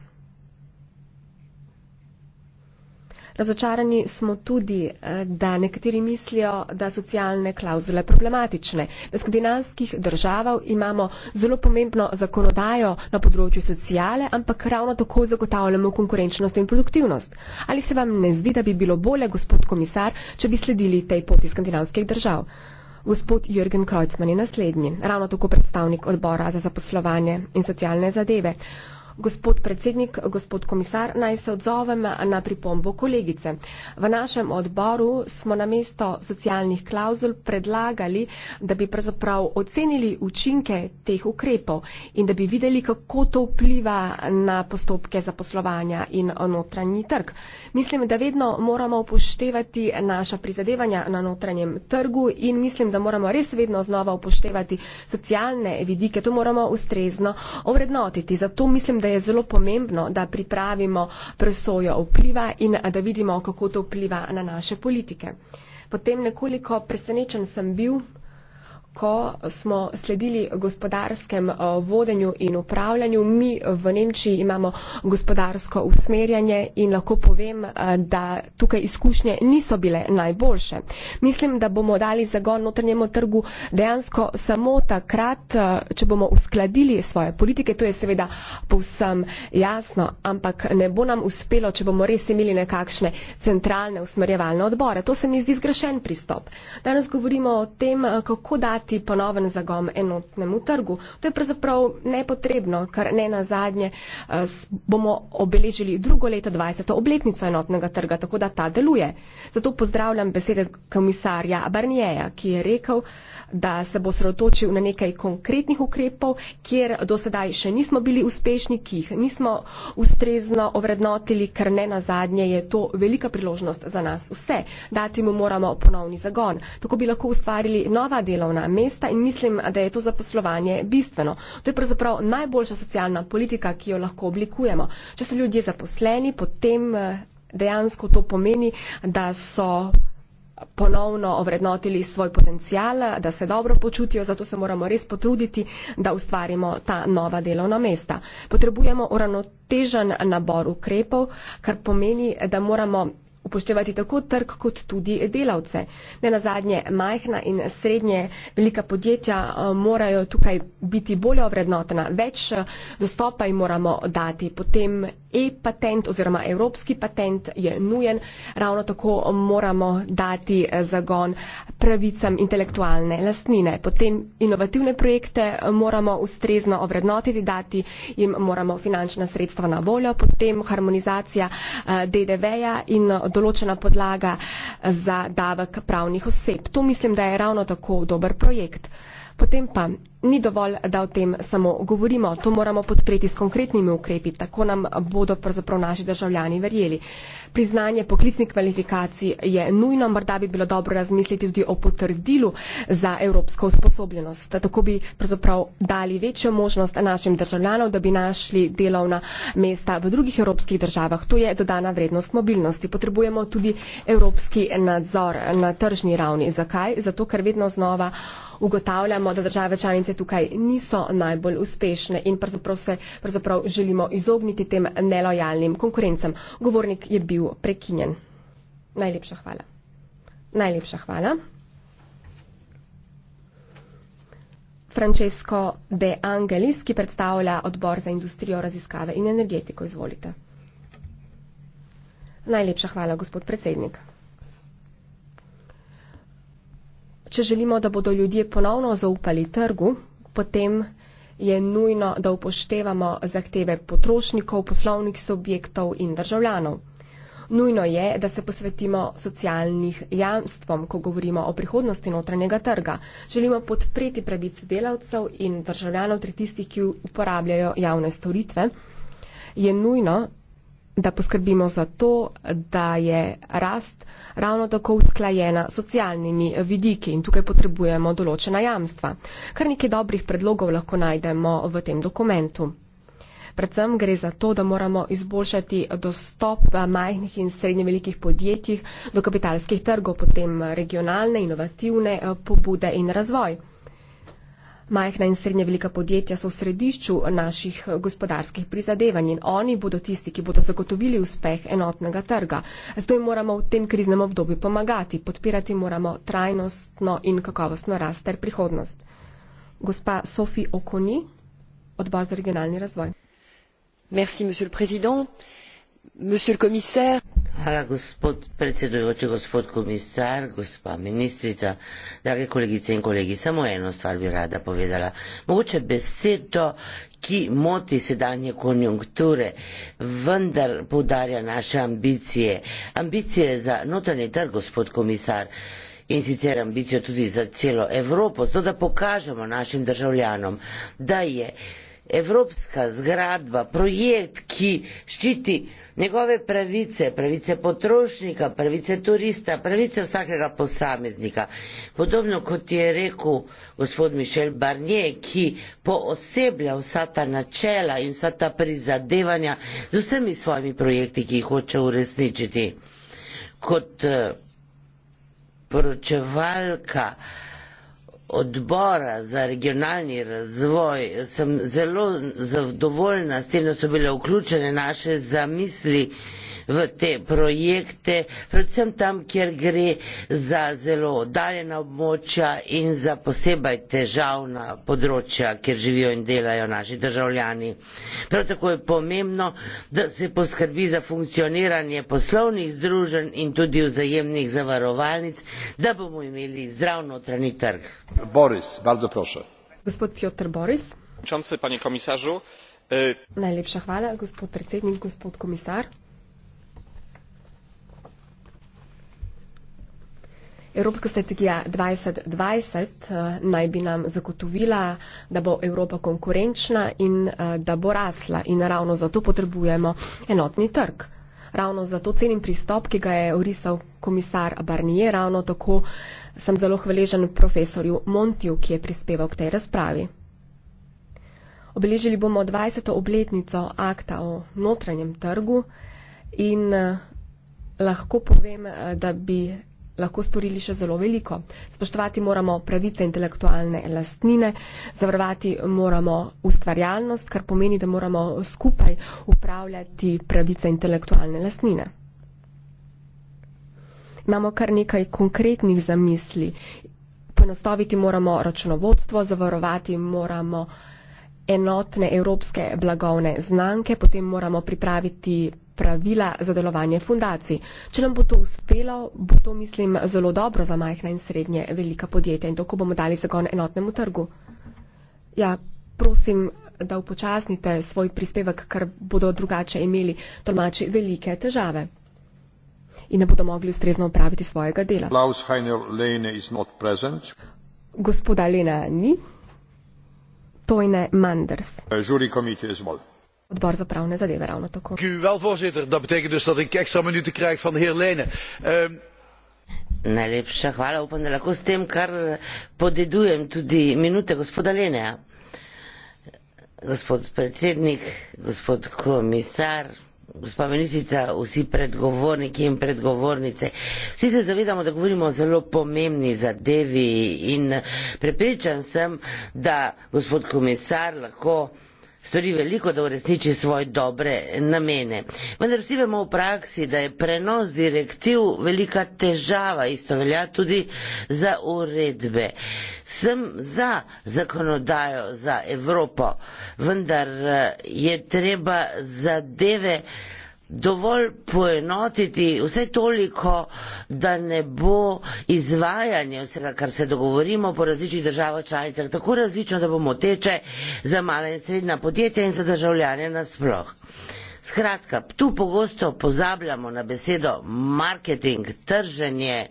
S3: Razočarani smo tudi, eh, da nekateri mislijo, da socialne klauzule problematične. V skandinavskih državah imamo zelo pomembno zakonodajo na področju sociale, ampak ravno tako zagotavljamo konkurenčnost in produktivnost. Ali se vam ne zdi, da bi bilo bolje, gospod komisar, če bi sledili tej poti skandinavskih držav? Gospod Jürgen Kreutzmann je naslednji, ravno tako predstavnik odbora za zaposlovanje in socialne zadeve. Gospod predsednik, gospod komisar, naj se odzovem na pripombo kolegice. V našem odboru smo na mesto socialnih klauzul predlagali, da bi pravzaprav ocenili učinke teh ukrepov in da bi videli, kako to vpliva na postopke zaposlovanja in notranji trg. Mislim, da vedno moramo upoštevati naša prizadevanja na notranjem trgu in mislim, da moramo res vedno znova upoštevati socialne vidike. To moramo ustrezno ovrednotiti. Zato mislim, da da torej je zelo pomembno, da pripravimo presojo vpliva in da vidimo, kako to vpliva na naše politike. Potem nekoliko presenečen sem bil, ko smo sledili gospodarskem eh, vodenju in upravljanju. Mi v Nemčiji imamo gospodarsko usmerjanje in lahko povem, eh, da tukaj izkušnje niso bile najboljše. Mislim, da bomo dali zagon notranjemu trgu dejansko samo takrat, eh, če bomo uskladili svoje politike. To je seveda povsem jasno, ampak ne bo nam uspelo, če bomo res imeli nekakšne centralne usmerjevalne odbore. To se mi zdi zgrešen pristop. Danes govorimo o tem, kako dati dati ponoven zagom enotnemu trgu. To je pravzaprav nepotrebno, ker ne na zadnje eh, bomo obeležili drugo leto 20. obletnico enotnega trga, tako da ta deluje. Zato pozdravljam besede komisarja Barnjeja, ki je rekel, da se bo sredotočil na nekaj konkretnih ukrepov, kjer do sedaj še nismo bili uspešni, ki jih nismo ustrezno ovrednotili, ker ne na zadnje je to velika priložnost za nas vse. Dati mu moramo ponovni zagon. Tako bi lahko ustvarili nova delovna mesta in mislim, da je to zaposlovanje bistveno. To je pravzaprav najboljša socialna politika, ki jo lahko oblikujemo. Če so ljudje zaposleni, potem eh, dejansko to pomeni, da so ponovno ovrednotili svoj potencial, da se dobro počutijo, zato se moramo res potruditi, da ustvarimo ta nova delovna mesta. Potrebujemo uravnotežen nabor ukrepov, kar pomeni, da moramo upoštevati tako trg kot tudi delavce. Ne na zadnje, majhna in srednje velika podjetja eh, morajo tukaj biti bolje ovrednotena, več eh, dostopa jim moramo dati, potem e-patent oziroma evropski patent je nujen. Ravno tako moramo dati eh, zagon pravicam intelektualne lastnine. Potem inovativne projekte eh, moramo ustrezno ovrednotiti, dati jim moramo finančna sredstva na voljo, potem harmonizacija eh, DDV-ja in določena podlaga za davek pravnih oseb. To mislim, da je ravno tako dober projekt. Potem pa ni dovolj, da o tem samo govorimo. To moramo podpreti s konkretnimi ukrepi, tako nam bodo pravzaprav naši državljani verjeli. Priznanje poklicnih kvalifikacij je nujno, morda bi bilo dobro razmisliti tudi o potrdilu za evropsko usposobljenost. Tako bi pravzaprav dali večjo možnost našim državljanom, da bi našli delovna mesta v drugih evropskih državah. To je dodana vrednost mobilnosti. Potrebujemo tudi evropski nadzor na tržni ravni. Zakaj? Zato, ker vedno znova ugotavljamo, da države članice tukaj niso najbolj uspešne in pravzaprav se pravzaprav želimo izogniti tem nelojalnim konkurencem. Govornik je bil prekinjen. Najlepša hvala. Najlepša hvala. Francesco De Angelis, ki predstavlja odbor za industrijo, raziskave in energetiko. Izvolite. Najlepša hvala, gospod predsednik. če želimo, da bodo ljudje ponovno zaupali trgu, potem je nujno, da upoštevamo zahteve potrošnikov, poslovnih subjektov in državljanov. Nujno je, da se posvetimo socialnih jamstvom, ko govorimo o prihodnosti notranjega trga. Želimo podpreti pravice delavcev in državljanov, tudi tistih, ki uporabljajo javne storitve. Je nujno, da poskrbimo za to, da je rast ravno tako usklajena s socialnimi vidiki in tukaj potrebujemo določena jamstva. Kar nekaj dobrih predlogov lahko najdemo v tem dokumentu. Predvsem gre za to, da moramo izboljšati dostop majhnih in srednje velikih podjetjih do kapitalskih trgov, potem regionalne, inovativne eh, pobude in razvoj. Majhna in srednje velika podjetja so v središču naših gospodarskih prizadevanj in oni bodo tisti, ki bodo zagotovili uspeh enotnega trga. Zato jim moramo v tem kriznem obdobju pomagati, podpirati moramo trajnostno in kakovostno rast ter prihodnost. Gospa Sofi Okoni, odbor za regionalni razvoj. Merci,
S2: Hvala, gospod predsedujoči, gospod komisar, gospa ministrica, drage kolegice in kolegi. Samo eno stvar bi rada povedala. Mogoče besedo, ki moti sedanje konjunkture, vendar povdarja naše ambicije. Ambicije za notranji trg, gospod komisar. In sicer ambicijo tudi za celo Evropo, zato da pokažemo našim državljanom, da je evropska zgradba projekt, ki ščiti njegove pravice, pravice potrošnika, pravice turista, pravice vsakega posameznika. Podobno kot je rekel gospod Mišel Barnier, ki pooseblja vsa ta načela in vsa ta prizadevanja z vsemi svojimi projekti, ki jih hoče uresničiti. Kot eh, poročevalka, uh, odbora za regionalni razvoj sem zelo zadovoljna s tem, da so bile vključene naše zamisli uh, v te projekte, predvsem tam, kjer gre za zelo oddaljena območja in za posebej težavna področja, kjer živijo in delajo naši državljani. Prav tako je pomembno, da se poskrbi za funkcioniranje poslovnih združenj in tudi vzajemnih zavarovalnic, da bomo imeli zdrav notranji trg. Boris, bardzo proszę.
S3: Gospod Piotr Boris.
S2: Uczący, panie komisarzu.
S3: Najlepsza chwala, gospod predsednik, gospod komisar. Evropska strategija 2020 eh, naj bi nam zagotovila, da bo Evropa konkurenčna in eh, da bo rasla in ravno zato potrebujemo enotni trg. Ravno zato cenim pristop, ki ga je orisal komisar Barnier, ravno tako sem zelo hvaležen profesorju Montiju, ki je prispeval k tej razpravi. Obeležili bomo 20. obletnico akta o notranjem trgu in eh, lahko povem, da bi lahko storili še zelo veliko. Spoštovati moramo pravice intelektualne lastnine, zavarovati moramo ustvarjalnost, kar pomeni, da moramo skupaj upravljati pravice intelektualne lastnine. Imamo kar nekaj konkretnih zamisli. Poenostaviti moramo računovodstvo, zavarovati moramo enotne evropske blagovne znamke, potem moramo pripraviti pravila za delovanje fundacij. Če nam bo to uspelo, bo to, mislim, zelo dobro za majhna in srednje velika podjetja in to, ko bomo dali zagon enotnemu trgu. Ja, prosim, da upočasnite svoj prispevek, ker bodo drugače imeli tolmači velike težave in ne bodo mogli ustrezno upraviti svojega dela.
S2: Klaus Heiner Lene is not present.
S3: Gospoda Lena ni. Tojne Manders.
S2: Uh, jury committee, izvolite.
S3: Odbor za pravne zadeve ravno tako. Dank
S2: u wel, voorzitter. Dat betekent dus dat ik extra minuten krijg van de heer Lene. Um... Najlepša hvala, upam, da lahko s tem, kar podedujem, tudi minute gospoda Lenea. Ja. Gospod predsednik, gospod komisar, gospa ministrica, vsi predgovorniki in predgovornice, vsi se zavedamo, da govorimo o zelo pomembni zadevi in prepričan sem, da gospod komisar lahko stori veliko, da uresniči svoje dobre namene. Vendar vsi vemo v praksi, da je prenos direktiv velika težava, isto velja tudi za uredbe. Sem za zakonodajo za Evropo, vendar eh, je treba zadeve dovolj poenotiti vse toliko, da ne bo izvajanje vsega, kar se dogovorimo po različnih državah članicah, tako različno, da bomo teče za mala in srednja podjetja in za državljane nasploh. Skratka, tu pogosto pozabljamo na besedo marketing, trženje.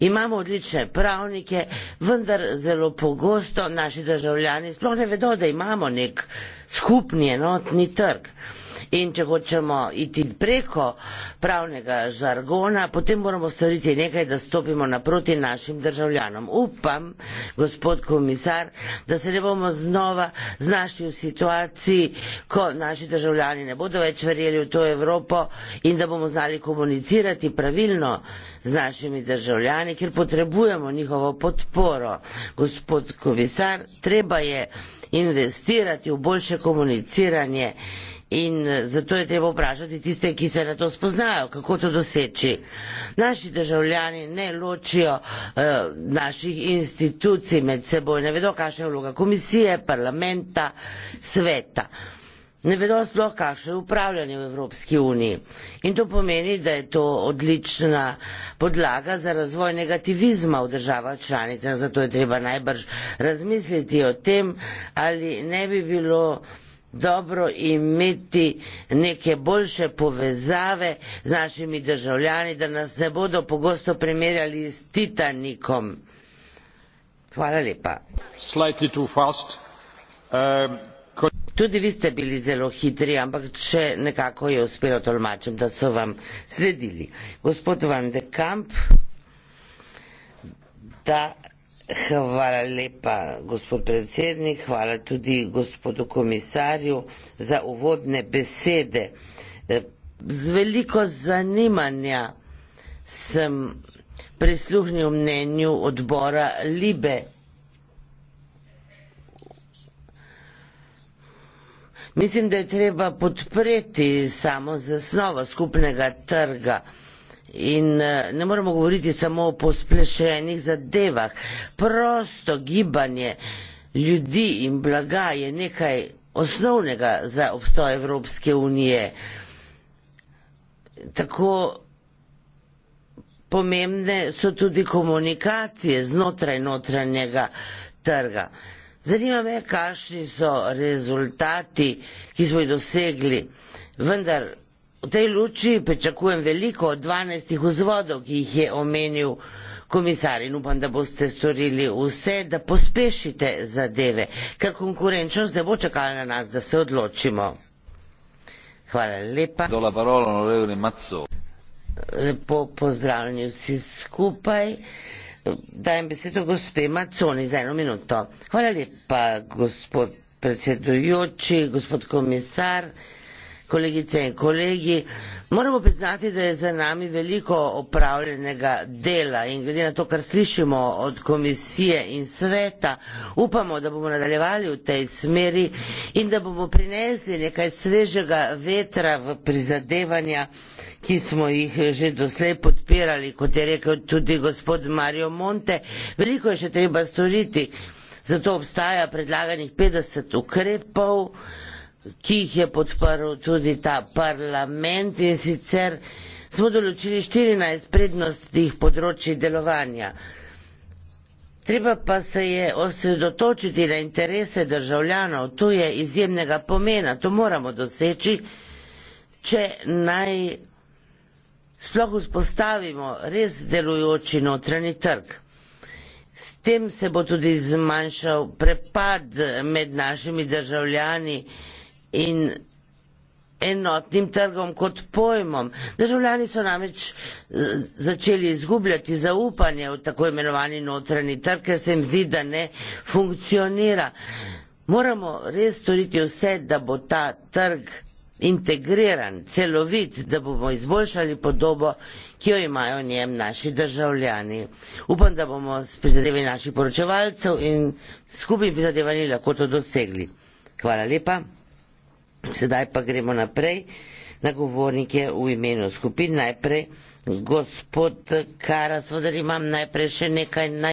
S2: Imamo odlične pravnike, vendar zelo pogosto naši državljani sploh ne vedo, da imamo nek skupni enotni trg. In če hočemo iti preko pravnega žargona, potem moramo storiti nekaj, da stopimo naproti našim državljanom. Upam, gospod komisar, da se ne bomo znova znašli v situaciji, ko naši državljani ne bodo več verjeli v to Evropo in da bomo znali komunicirati pravilno z našimi državljani, ker potrebujemo njihovo podporo. Gospod komisar, treba je investirati v boljše komuniciranje In eh, zato je treba vprašati tiste, ki se na to spoznajo, kako to doseči. Naši državljani ne ločijo uh, naših institucij med seboj, ne vedo, kakšna je vloga komisije, parlamenta, sveta. Ne vedo sploh, kakšno je upravljanje v Evropski uniji. In to pomeni, da je to odlična podlaga za razvoj negativizma v državah članicah. Zato je treba najbrž razmisliti o tem, ali ne bi bilo dobro imeti neke boljše povezave z našimi državljani, da nas ne bodo pogosto primerjali s Titanikom. Hvala lepa. Um, Tudi vi ste bili zelo hitri, ampak še nekako je uspelo tolmačem, da so vam sledili. Gospod Van de Kamp, da Hvala lepa, gospod predsednik, hvala tudi gospodu komisarju za uvodne besede. E, z veliko zanimanja sem prisluhnil mnenju odbora Libe. Mislim, da je treba podpreti samo zasnovo skupnega trga. In eh, ne moremo govoriti samo o posplešenih zadevah. Prosto gibanje ljudi in blaga je nekaj osnovnega za obstoj Evropske unije. Tako pomembne so tudi komunikacije znotraj notranjega trga. Zanima me, kakšni so rezultati, ki smo jih dosegli, vendar V tej luči pričakujem veliko od 12 vzvodov, ki jih je omenil komisar in upam, da boste storili vse, da pospešite zadeve, ker konkurenčnost ne bo čakala na nas, da se odločimo. Hvala lepa. Lepo pozdravljeni vsi skupaj. Dajem besedo gospe Maconi za eno minuto. Hvala lepa, gospod predsedujoči, gospod komisar kolegice in kolegi. Moramo priznati, da je za nami veliko opravljenega dela in glede na to, kar slišimo od komisije in sveta, upamo, da bomo nadaljevali v tej smeri in da bomo prinesli nekaj svežega vetra v prizadevanja, ki smo jih že doslej podpirali, kot je rekel tudi gospod Mario Monte. Veliko je še treba storiti, zato obstaja predlaganih 50 ukrepov ki jih je podprl tudi ta parlament in sicer smo določili 14 prednostnih področji delovanja. Treba pa se je osredotočiti na interese državljanov, to je izjemnega pomena, to moramo doseči, če naj sploh vzpostavimo res delujoči notranji trg. S tem se bo tudi zmanjšal prepad med našimi državljani in in enotnim trgom kot pojmom. Državljani so namreč eh, začeli izgubljati zaupanje v tako imenovani notranji trg, ker se jim zdi, da ne funkcionira. Moramo res storiti vse, da bo ta trg integriran, celovit, da bomo izboljšali podobo, ki jo imajo v njem naši državljani. Upam, da bomo s prizadevanji naših poročevalcev in skupaj prizadevanji lahko to dosegli. Hvala lepa. Sedaj pa gremo naprej. Na govornik je v imenu skupin najprej gospod Karas, vendar imam najprej še nekaj naj.